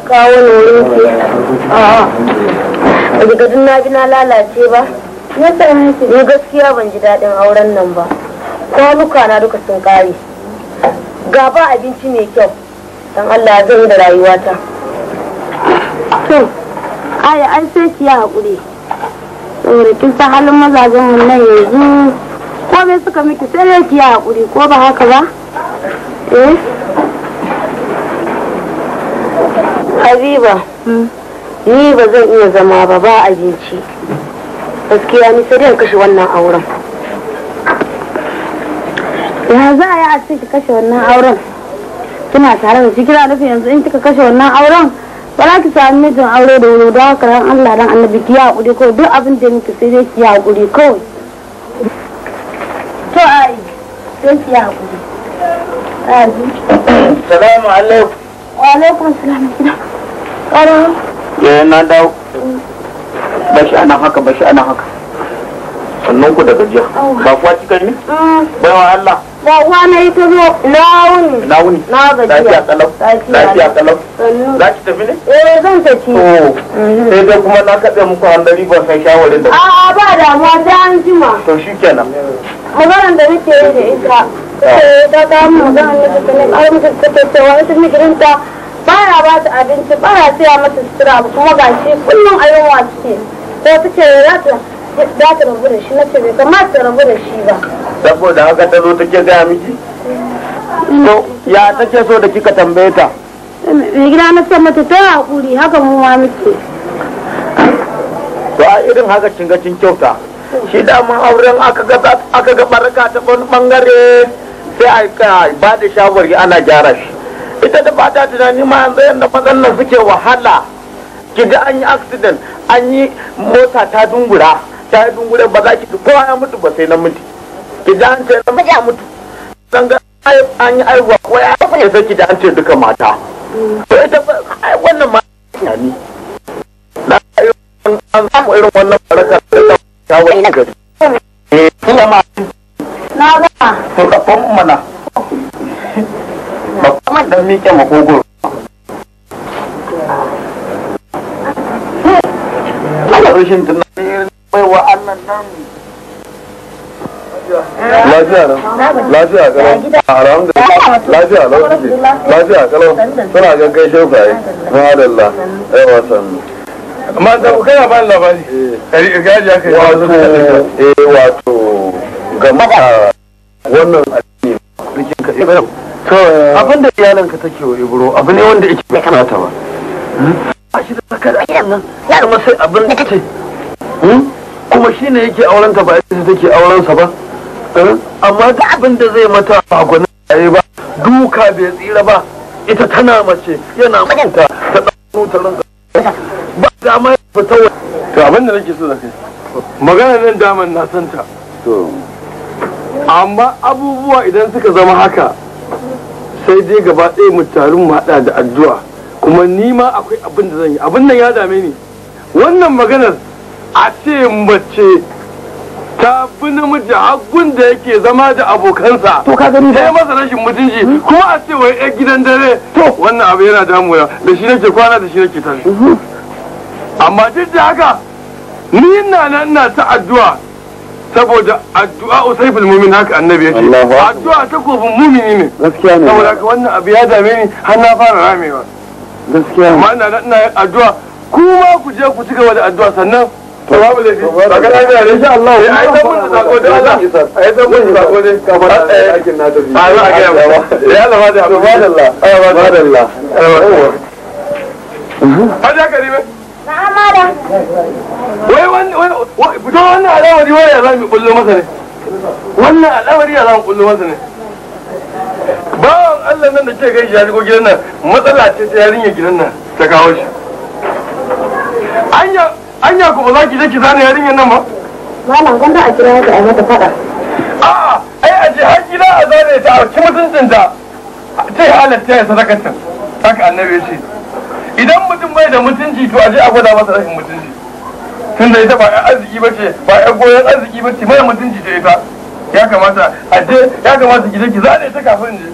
kawo ne wurin ke a daga na na lalace ba Ni gaskiya ban ji daɗin auren nan ba. Kwanuka na duka sun ƙare. Ga ba abinci mai kyau. Dan Allah zan yi da rayuwata. To, aya an sai ki haƙuri. Saboda kin san halin mazajen mu nan yanzu komai suka miki sai dai ki haƙuri ko ba haka ba? Eh? Habiba, hmm. ni ba zan iya zama ba ba abinci. gaskiya ni sai dai kashe wannan auren ya za a yi a ce ki kashe wannan auren kina tare da shi kina nufin yanzu in kika kashe wannan auren ba za ki sami mijin aure da wuri da haka ran Allah dan annabi ki haƙuri kawai duk abin da miki sai dai ki haƙuri kawai to ai sai ki haƙuri salamu alaikum wa alaikum salam gida ƙaro ya eh, na dawo mm. ba shi ana haka ba shi ana haka sannan ku da gajiya ba kuwa cikin ne mm. bai wa Allah ba kuwa na yi ta zo na wuni na wuni na gajiya lafiya kalau lafiya kalau za ki tafi ne eh zan tafi mhm. sai dai kuma na kaɗe muku handari ban san shawarin da a ba damuwa sai an jima to shikenan maganar da nake yi da ita ah. ta ta mu maganar da ta ne ai mutum ta ta wani tattawa ita ta ba ya ba ta abinci ba ya siya mata sutura kuma gashi kullum a yunwa suke ta fi ce za ta za ta rabu da shi na ce bai kamata ta rabu da shi ba saboda haka ta zo take gaya miki to ya take so da kika tambaye ta mai gida na ce mata ta hakuri haka mu ma muke to a irin haka kinga kyauta shi daman auren aka ga baraka ta bangare sai a ba da shawari ana gyara shi ita da ba ta tunani ma yanzu yadda matsalar suke wahala kiga an yi accident an yi mota ta dungura ta yi dungura ba za ki ko ya mutu ba sai na mutu kiga an ce na mutu ya mutu san ga an yi aiwa ko ya fa ya saki da an ce duka mata to ita ba wannan ma ya ni na an samu irin wannan baraka da ta wani gari eh ina ma na ga to da kuma mana ba kuma da mike makogoro rashin tunani mai wa nan lafiya nan lafiya kalau da lafiya lafiya lafiya kalau suna ga kai shauka yi madalla yawa eh, sannu amma da kana ba labari kari eh. gaji aka yi wato eh wato ga maka wannan addini rikin ka eh, ibro to abinda iyalanka take wa buro, abu ne wanda yake bai kamata ba hmm? nan kuma sai abin da ce hmm? kuma shi ne yake auren ta ba ita take auren sa ba hmm? amma da abin da zai mata a gwanin yayi ba duka bai tsira ba ita tana mace yana mutunta ta ɗauko ta rinka ba dama ya fita to abin da nake so da kai magana nan daman na ta. amma abubuwa idan suka zama haka sai dai gaba ɗaya mu taru mu haɗa da addu'a kuma ni ma akwai abin da zan yi abin nan ya dame ni wannan maganar a ce mace ta fi namiji hagun da yake zama da abokansa to ka gani ya masa rashin mutunci hmm? kuma a ce wai yan gidan dare to wannan abu yana damuwa da shi nake kwana da shi nake tashi hmm. amma duk da haka ni ina nan ina ta addu'a saboda addu'a usaiful mumin haka annabi yake addu'a ta kofin mumini ne gaskiya ne saboda wannan abu ya dame ni har na fara ramewa gaskiya amma ina ina addu'a kuma ku je ku ci da addu'a sannan babu da shi daga nan da insha Allah ya ai da mun sako da Allah ai da mun sako ne kamar aikin na tafi a ga ya ya Allah da Allah ba da Allah eh, ba eh, uh-huh. wani wani fito wannan alawari wai ne. ne. bawan Allah nan da ke gan shi ya shigo gidan nan matsala ce ta yarinya gidan nan ta kawo shi anya anya ku ba za ki je ki zane yarinyar nan ba malam gwanda a kira ta a mata fada a ai a je har gida a zane ta a ci mutuncin ta ta yi halatta ya sadakatar haka annabi ya ce idan mutum bai da mutunci to a je a gwada masa rashin mutunci tunda ita ba 'yan arziki ba ce ba 'yan goyon arziki ba ce mai mutunci ce ita ya kamata a je ya kamata ki je ki zane ta kafin ne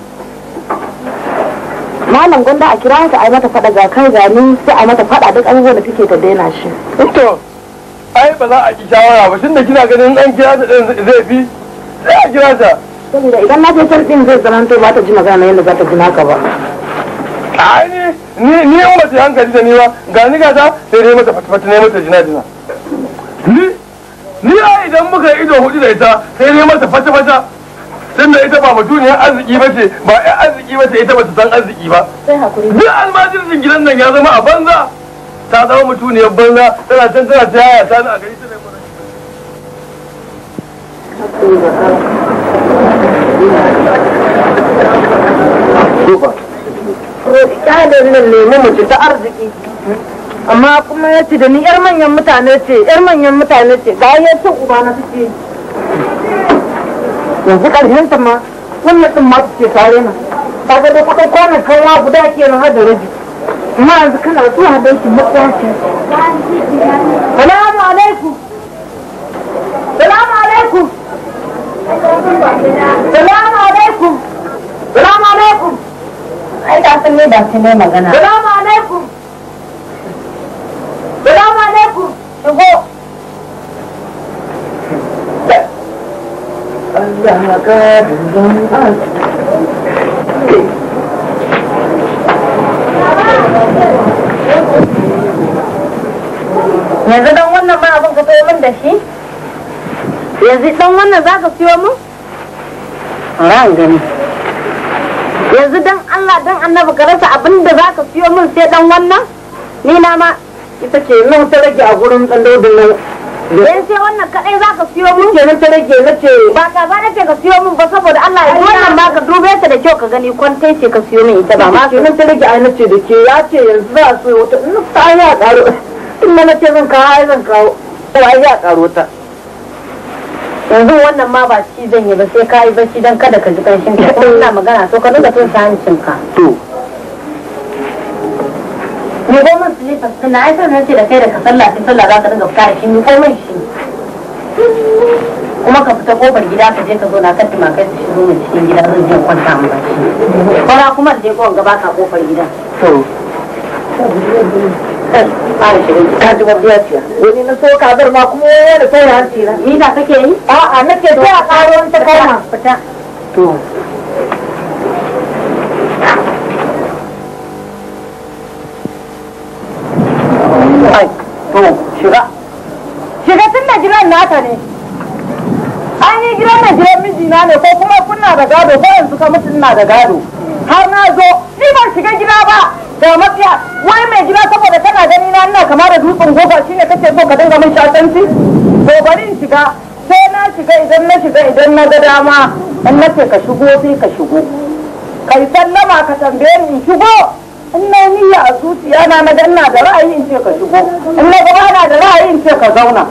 malam gwanda a kira ta a yi mata fada ga kai gani sai a mata fada duk abubuwan da kike ta daina shi to ai ba za a ki shawara ba da kina ganin dan kira ta din zai fi sai a kira ta saboda idan na ce can zai zamanto ba ta ji magana yadda za ta ji naka ba ai ni ni in ba ta hankali da ni ba ga ni ga ta sai dai mata fatfata ne mata jina jina ni ni a idan muka yi ido hudu da ita sai ne mata fata fata da ita ba mutuniyar arziki ba ce ba ya arziki ba ce ita ba ta san arziki ba duk almajirin gidan nan ya zama a banza ta zama mutuniyar banza tana can tana ta yaya ta a gari tana Duba. Roƙi ƙalin nan ta arziki. amma kuma ya ce da ni yar manyan mutane ce yar manyan mutane ce ga ya ce uba na suke yanzu karshen ta ma wannan din ma suke tare na ba ga da kuka kwanan kawo guda ke na hada rabi amma yanzu kana zuwa da shi matsayaci salamu alaikum salamu alaikum salamu alaikum salamu alaikum ai da sun ne da sun ne magana salamu alaikum salamu alaikum shigo Allah ka dubban yanzu dan wannan ma abin ka min da shi yanzu dan wannan za ka siyo mu ran gani yanzu dan Allah dan annabi ka rasa abin da za ka siyo min sai dan wannan ni na ma ita ce nan ta rage a gurin ɗan daudin nan Yan eh, sai wannan kadai za ka siyo mu? Kenan ta rage na ce. Ba ka ba ce ka siyo mun ba saboda Allah ya wannan ba ka dube ta da kyau ka gani kwantai ce ka siyo min ita ba ma. Kenan ta rage na ce da ke ya ce yanzu za su wata in ta ya karo. In na ce zan kawo ai zan kawo. Ai ya karo ta. yanzu wannan ma ba shi zan yi ba sai ka yi shi dan kada ka ji kanshin ka ina magana to ka nuna tun sa hancin ka. To ɗebo min silifas ɗin na nan ce da kai da ka sallah sai sallah za ka dinga fita da shi shi kuma ka fita kofar gida ka je ka zo na kan tumakai su shigo min cikin gida zan je kwanta mu bacci kuma ka kofar gida to wani na so ka bar ma kuma da na ni da kake yi a'a ta a karuwan ta kaina fita to fine to shiga shiga tun da gidan naka ne an yi gidan da gidan mijina ne ko kuma kuna da gado ko yanzu ka mutu ina da gado har na zo ni ban shiga gida ba da mafiya wai mai gida saboda tana gani na ina kama da dutsen goba ne kake so ka dinga min shatanci to bari in shiga sai na shiga idan na shiga idan na ga dama in ce ka shigo sai ka shigo kai sallama ka tambaye ni in shigo in na niyya a zuciya na na ga ina da ra'ayi in ce ka shigo in na gaba na da ra'ayi in ce ka zauna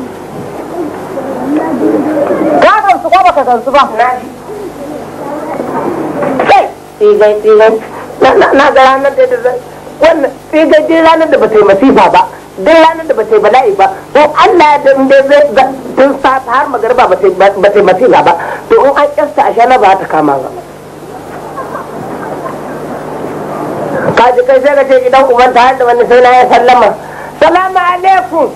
gadon su ko baka gansu ba kai tsigai tsigai na ga ranar da zai wannan tsigai din ranar da ba ta yi masifa ba duk ranar da ba ta yi bala'i ba to Allah ya dan dai zai tun sata har magarba ba ta yi masifa ba to in an kyasta a shana ba ta kama ba kaji kai sai ka ce gidan uban ta da wani sai na ya sallama salamu alaikum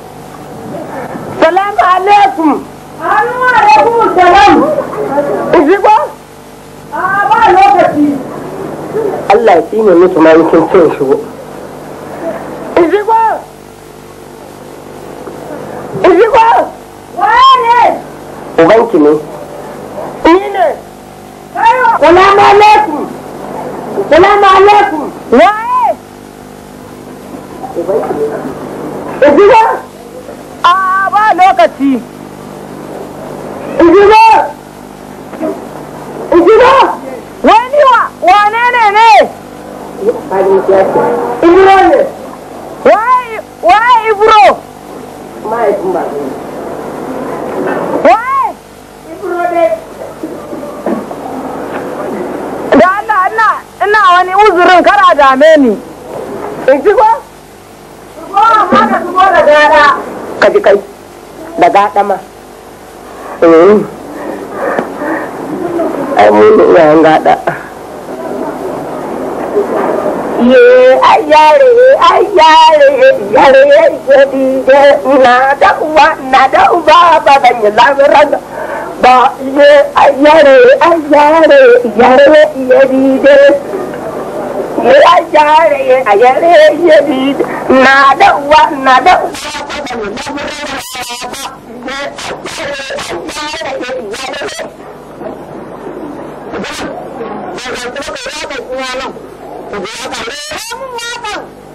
salamu alaikum Assalamu alaikum salam. Izi ko? A ba lokaci. Allah ya tsine musu ma yakin cin shigo. Izi ko? Izi ko? Waye ne? Ubanki ne. Ni ne. Kayo. Salamu alaikum. salamu alaikum waye Ijiba? A ba lokaci. Ijiba? Ijiba? Wani wa wane ne ne? Ibro ne. Waye waye Ibro? Waye? Ibro ne. Da Allah Allah ina wani uzurin kada dame ni in ci ko ka ji kai da gada ma ai mun ina gada ye ayare ayare yare yare na da uwa na da uba ba ban yi lamuran ba ye ayare ayare yare yadide ye ayare ayare yadide na da wa na da wa Thank you.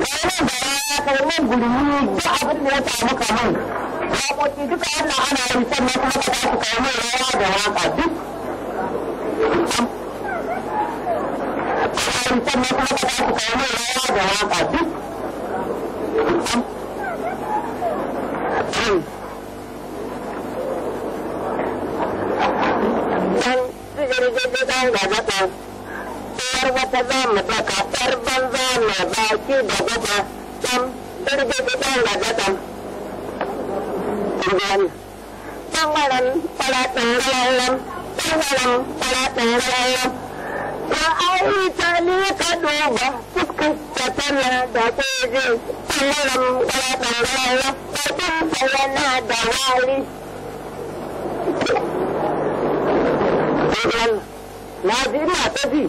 kai min gurmi duk abin da ya samu kamun waƙoƙi duka wannan ana yi sannan Thank you. maza mu baka ɗar banza mai baki da gaba ɗan birgiti ɗan da gadan. Ɗan waran falatin ralallam, ɗan waran falatin ralallam. Ka ta ni ka duba fuskar ta tana da kogi, ɗan waran falatin ralallam, ta yana da wari. Na ta ji,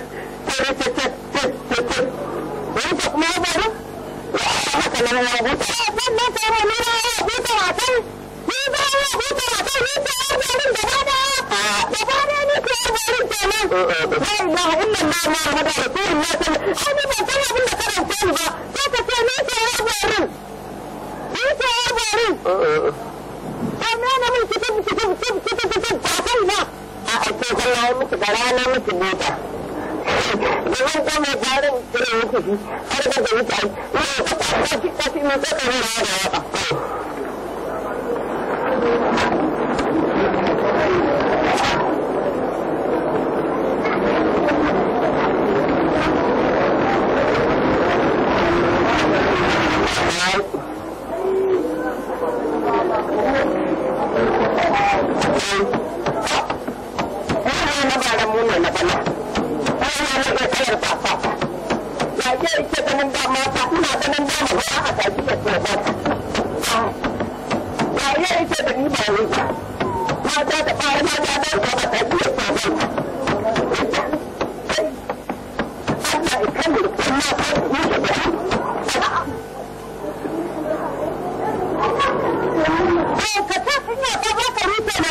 Wata kuma ba ba. buta. wannan kuma jarin da ya yi har da da mutane wani ta kwafi kwafi mai da ake ganin ba mata ina ganin ba a tafi da kuma ba ba ya yake da ni ba wai mata da fara mata da ba ta tafi da kuma Allah ya kare kuma ta yi da ka ta hanya ta ba ka rufe na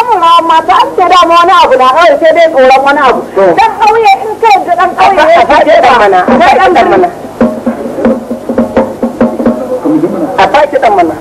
samun rawan mata an ce dama wani abu na kawai sai dai tsoron wani abu dan kauye in kai ga dan kauye ya faɗi dan mana a dan mana a faɗi dan mana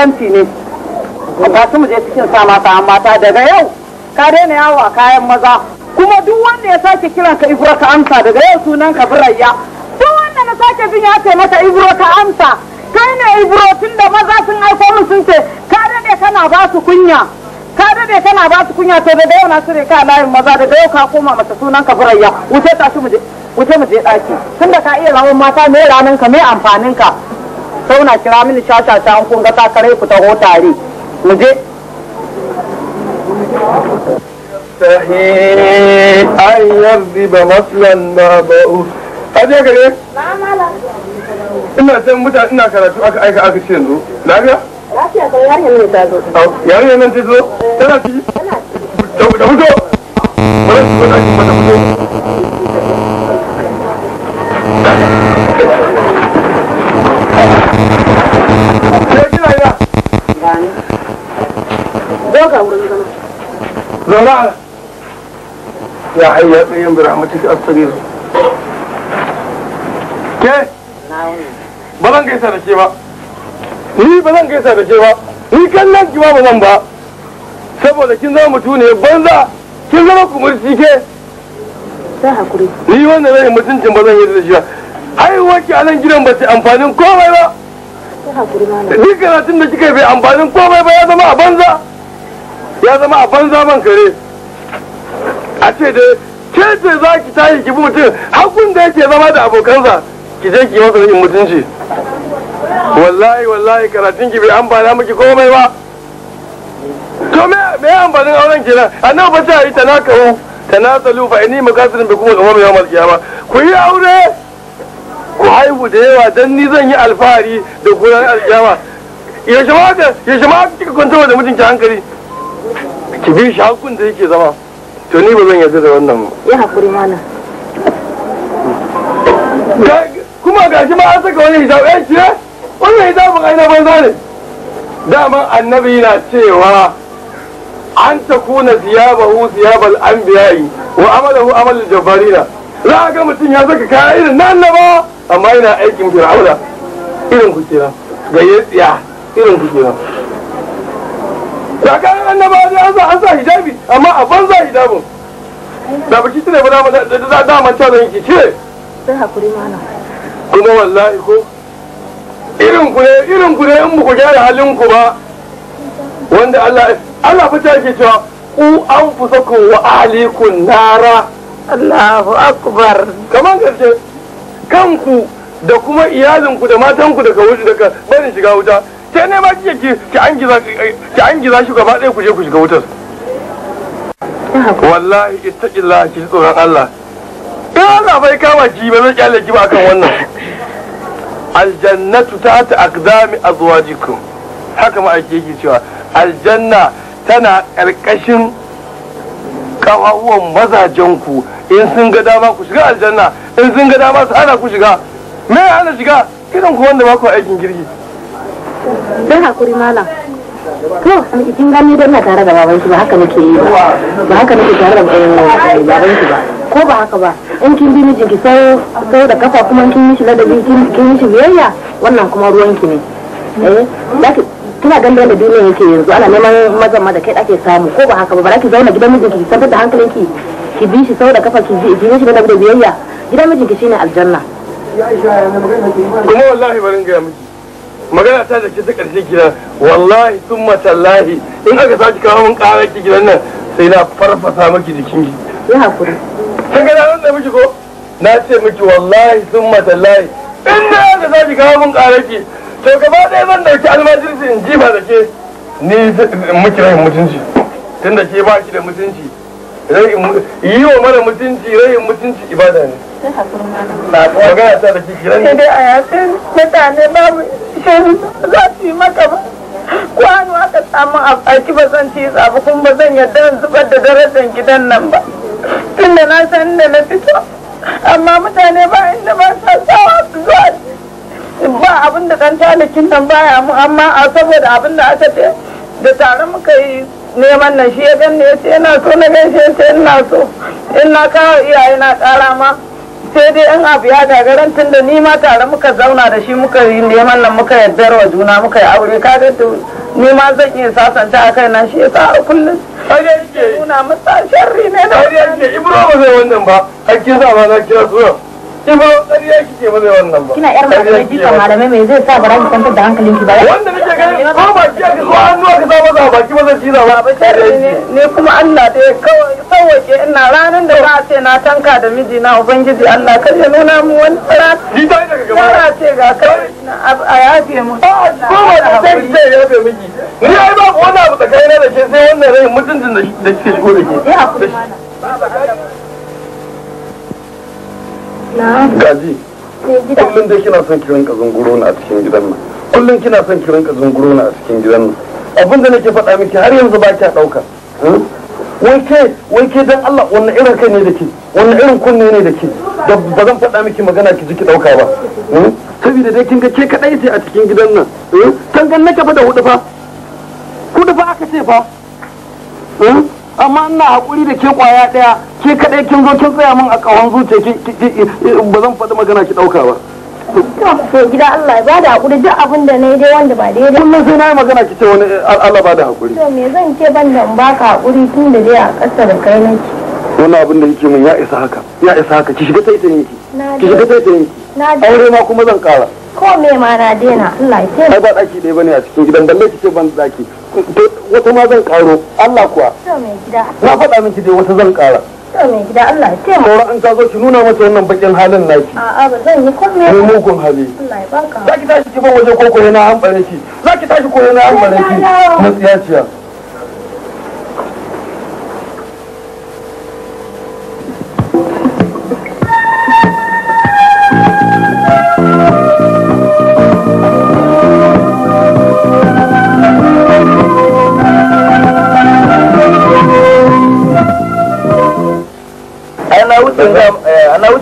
kaskanci ne ba su mu je cikin sa mata amma ta daga yau ka daina yawa kayan maza kuma duk wanda ya sake kiran ka ibro ka amsa daga yau sunan ka birayya duk wanda na sake bin ya ce maka ibro ka amsa kai ne ibro tun da maza sun aiko mu sun ce ka daina kana ba su kunya ka daina kana ba su kunya to daga yau na sire ka layin maza daga yau ka koma mata sunan ka birayya wuce ta su mu je wuce mu je daki tunda ka iya rawon mata me ranan ka me amfanin ka sauna kira mini ta an kun ga kare ku taho tare mu je sahi an yardi ba maslan ma ba'u aje gare ina san mutane ina karatu aka aika aka ce yanzu lafiya lafiya ta yarinya ne ta zo yarinya nan ta zo tana ci zauna ya hayya ya tsayin biramatik astaghiru ke ba zan gaisa da ba ni ba zan gaisa da ke ba ni kallon ki ma ba saboda kin zama mutu ne banza kin zama kumurci ke ni wannan rai mutuncin ba zan yi da shi ba ai wace a nan gidan ba ta amfanin komai ba duk karatun da kika bai amfanin komai ba ya zama a banza ya zama a banza man kare a ce da ke ce za ki tashi ki mutum hakun da yake zama da abokansa ki je ki masa yin mutunci wallahi wallahi karatun ki bai amfana miki komai ba to me me amfanin auren kenan annabi ba ta yi tanakahu tanasalu fa inni makasirin bi kuma kamar yawmal kiyama ku yi aure ku haihu da yawa dan ni zan yi alfahari da guran alkiyama ya ma ka ya ka kika kwanta da mutunci hankali ki bi shi hakun da yake zama to ni ba zan yarda da wannan ba ya hakuri mana kuma ga shi ma an saka wani hijab ya eh, ce wannan hijabin aina banza ne daman annabi na cewa an ta kuna ziyabahu ziyabal anbiya'i wa amalahu amalul jabbarina za a ga mutum ya saka kaya irin nan na ba amma yana aikin fir'auna irin ku kenan gayyatsiya irin ku kaga annaba an sa an sa hijabi amma a banza hijabin da baki tuna ba da ta zan ki ce sai hakuri mana kuma wallahi ko irin ku ne irin ku ne in ku gyara halin ku ba wanda Allah Allah fa ta yake cewa ku anfusakum wa ahlikum nara Allahu akbar kaman kanku da kuma iyalinku da matanku daga wuta daga barin shiga wuta sai ne ma kike ki an giza shi gaba ɗaya ku je ku shiga wutar wallahi istaqillah ki tsoron Allah ina Allah bai kama ki ba zan kyale ki ba kan wannan aljannatu ta ta aqdami azwajikum haka ma ake yake cewa aljanna tana ƙarƙashin ƙawawan mazajenku in sun ga dama ku shiga aljanna in sun ga dama su hana ku shiga me hana shiga idan ku wanda ba ku aikin girki don hakuri malam to kin gani don na tare da baban ba haka nake yi ba ba haka nake tare da eh, baban ba ko ba haka ba in kin bi mijinki sau sau da kafa kuma kin yi shi ladabi kin yi shi biyayya wannan kuma ruwanki ne eh kina ganin da duniya yake yanzu ana neman mazan ma da kai ake samu ko ba haka ba ba za ki zauna gidan mijinki ki santar da hankalinki ki bi shi sau da kafa ki ji shi ladabi da biyayya gidan mijinki shine aljanna kuma wallahi barin ga miki magana ta da ke ta karshe gida wallahi sun matallahi in aka sake kawo mun ƙara ki gidan nan sai na farfasa maki jikin ki ya hakuri kin ga nan da miki ko na ce miki wallahi sun matallahi in da aka sake kawo mun ƙara ki to gaba ɗaya zan dauki almajirsi in jiba da ke ni miki rai mutunci tunda ke ba ki da mutunci yi wa mara mutunci rayin mutunci ibada ne magana ta da kiki rai dai a yasin mutane babu shirin za su yi maka ba kwano aka samu a baki ba zan ci tsafi kuma ba zan yarda zubar da darajar gidan nan ba tunda na san da na fito amma mutane ba inda ba sa sawa su zuwa ba abin da dan talakin nan baya mu amma a saboda abin da aka ce da tare muka yi neman nan shi ya ganni ya ce ina so na gaishe ce ina so in na kawo iyaye na kara ma sai dai in abu ya gagaran tun da ni ma tare muka zauna da shi muka yi neman nan muka yaddar wa juna muka yi aure ka ga to nima zan iya sasanta a kai na shi ya sa a kullum nuna masa sharri ne na yi. Ibrahim ba zai wannan ba hakkin sa ba na kira Kina mai zai sa da ba. Wanda ci Ne kuma Allah da ya kawai sauwaje ina ranar da za a ce na tanka da miji na ubangiji Allah kar ya nuna mu wani tsara. ce ga kai a yafe mu. Ko ba da sai ki ce yafe miki. Ni ai ba wani abu da ke sai wannan rai mutuncin da ke shigo da ke. Ya eh, gaji kullum dai kina son kiran ka zunguro na a cikin gidan nan kullum kina son kiran ka zunguro na a cikin gidan nan abinda nake faɗa miki har yanzu ba kya ɗauka hmm? wai ke wai ke dan Allah wannan irin kai ne da wannan irin kunne ne da ke da ba zan faɗa miki magana ki jiki ɗauka ba hmm? saboda dai kin ga ke kaɗai ce a cikin gidan nan hmm? kan gan nake fa da hudu fa hudu fa aka ce fa amma ina haƙuri da ke ƙwaya ɗaya ke kaɗai kin zo kin tsaya min a ƙahon zuciya ba zan faɗi magana ki ɗauka ba. to gida Allah haƙuri duk abin da dai wanda ba daidai. kullum sai na yi magana ki ce wani Allah haƙuri. to me zan ce ban da baka haƙuri tun da dai a kai nake. wani abin da yake min ya isa haka ya isa haka ki shiga taitayin ki ki shiga taitayin ki aure ma kuma zan ƙara. ko me ma na daina Allah ya taimaka. ai ba ɗaki ɗaya bane a cikin gidan balle ki ce ban ɗaki wata ma zan karo Allah kuwa na faɗa miki dai wata zan kara gida sauran an ta zo ki nuna mata wannan bakin halin naki a'a zan yi komai ne mugun hali Allah ya baka tashi ki ban waje ko na yana an za ki tashi ko na an na tsiyaciya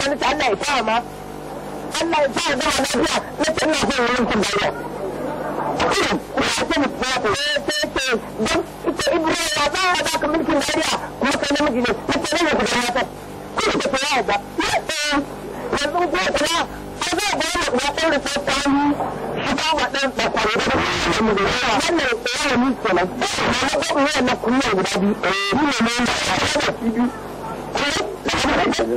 wani ta Allah ya ma wani na ta ina so wani kun bayar don ita za dariya kuma namiji ne ta ko kuma an zai ba mu na ɗan dan ta hannu wannan tsawon ni kenan ba na ne ne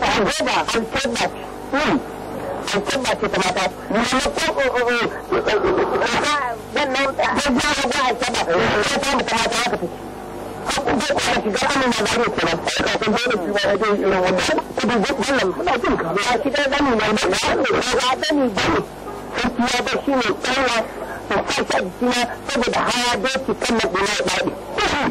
I'm Buddha, I'm Buddha. Mm. I'm Buddha ce ta mata. Ni na na gari kenan. Ka san dole shi ba yake irin wannan. Ku duk Ba shi da gani na saboda hawa doki kan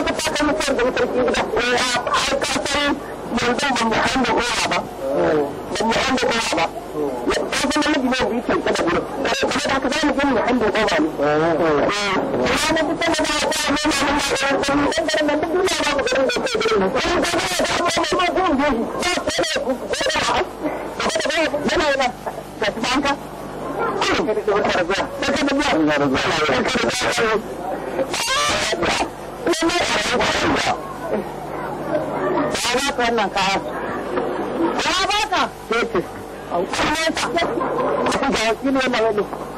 Thank you. No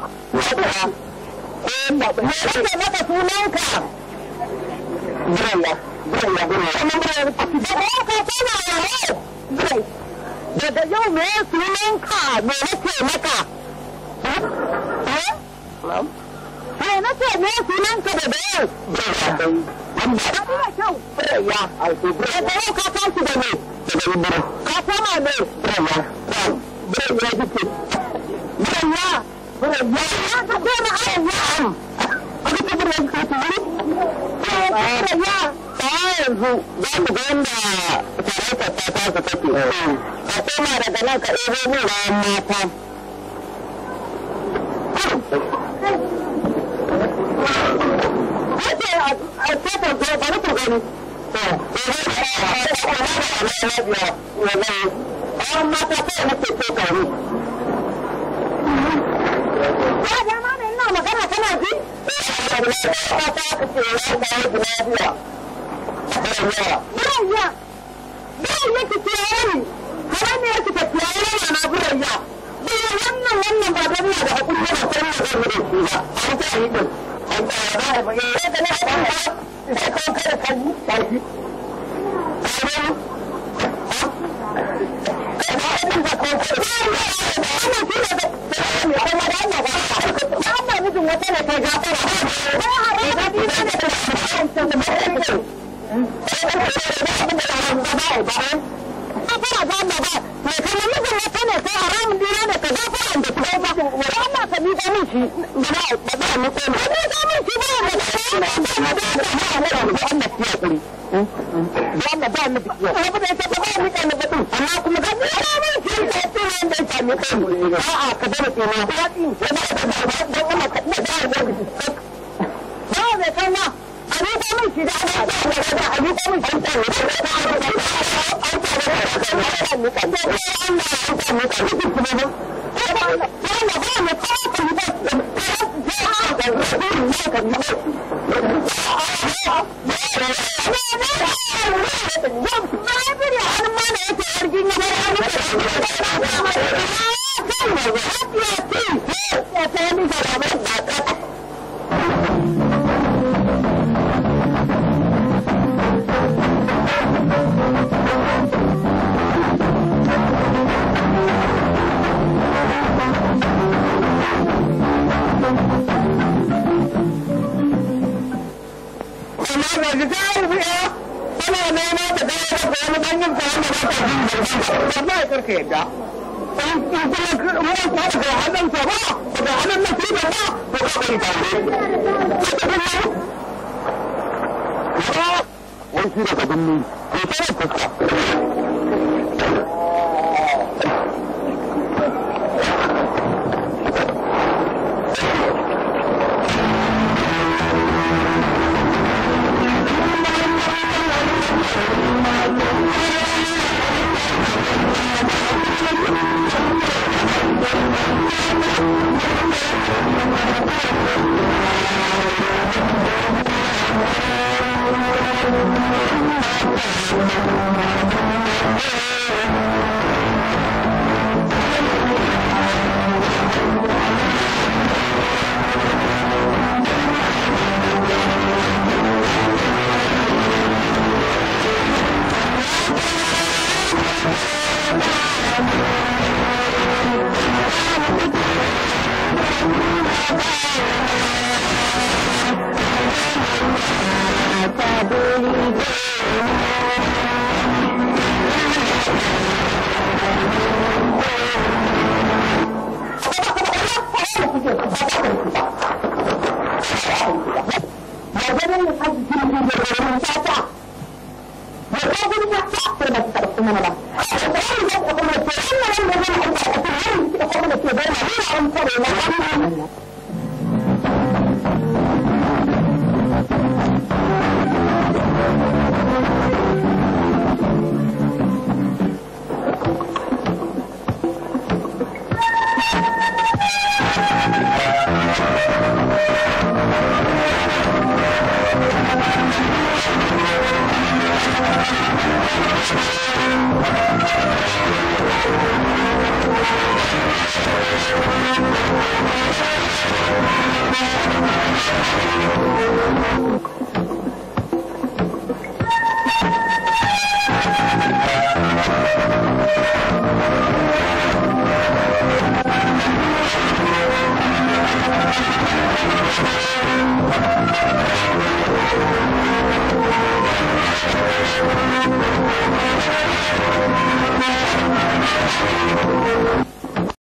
One. run!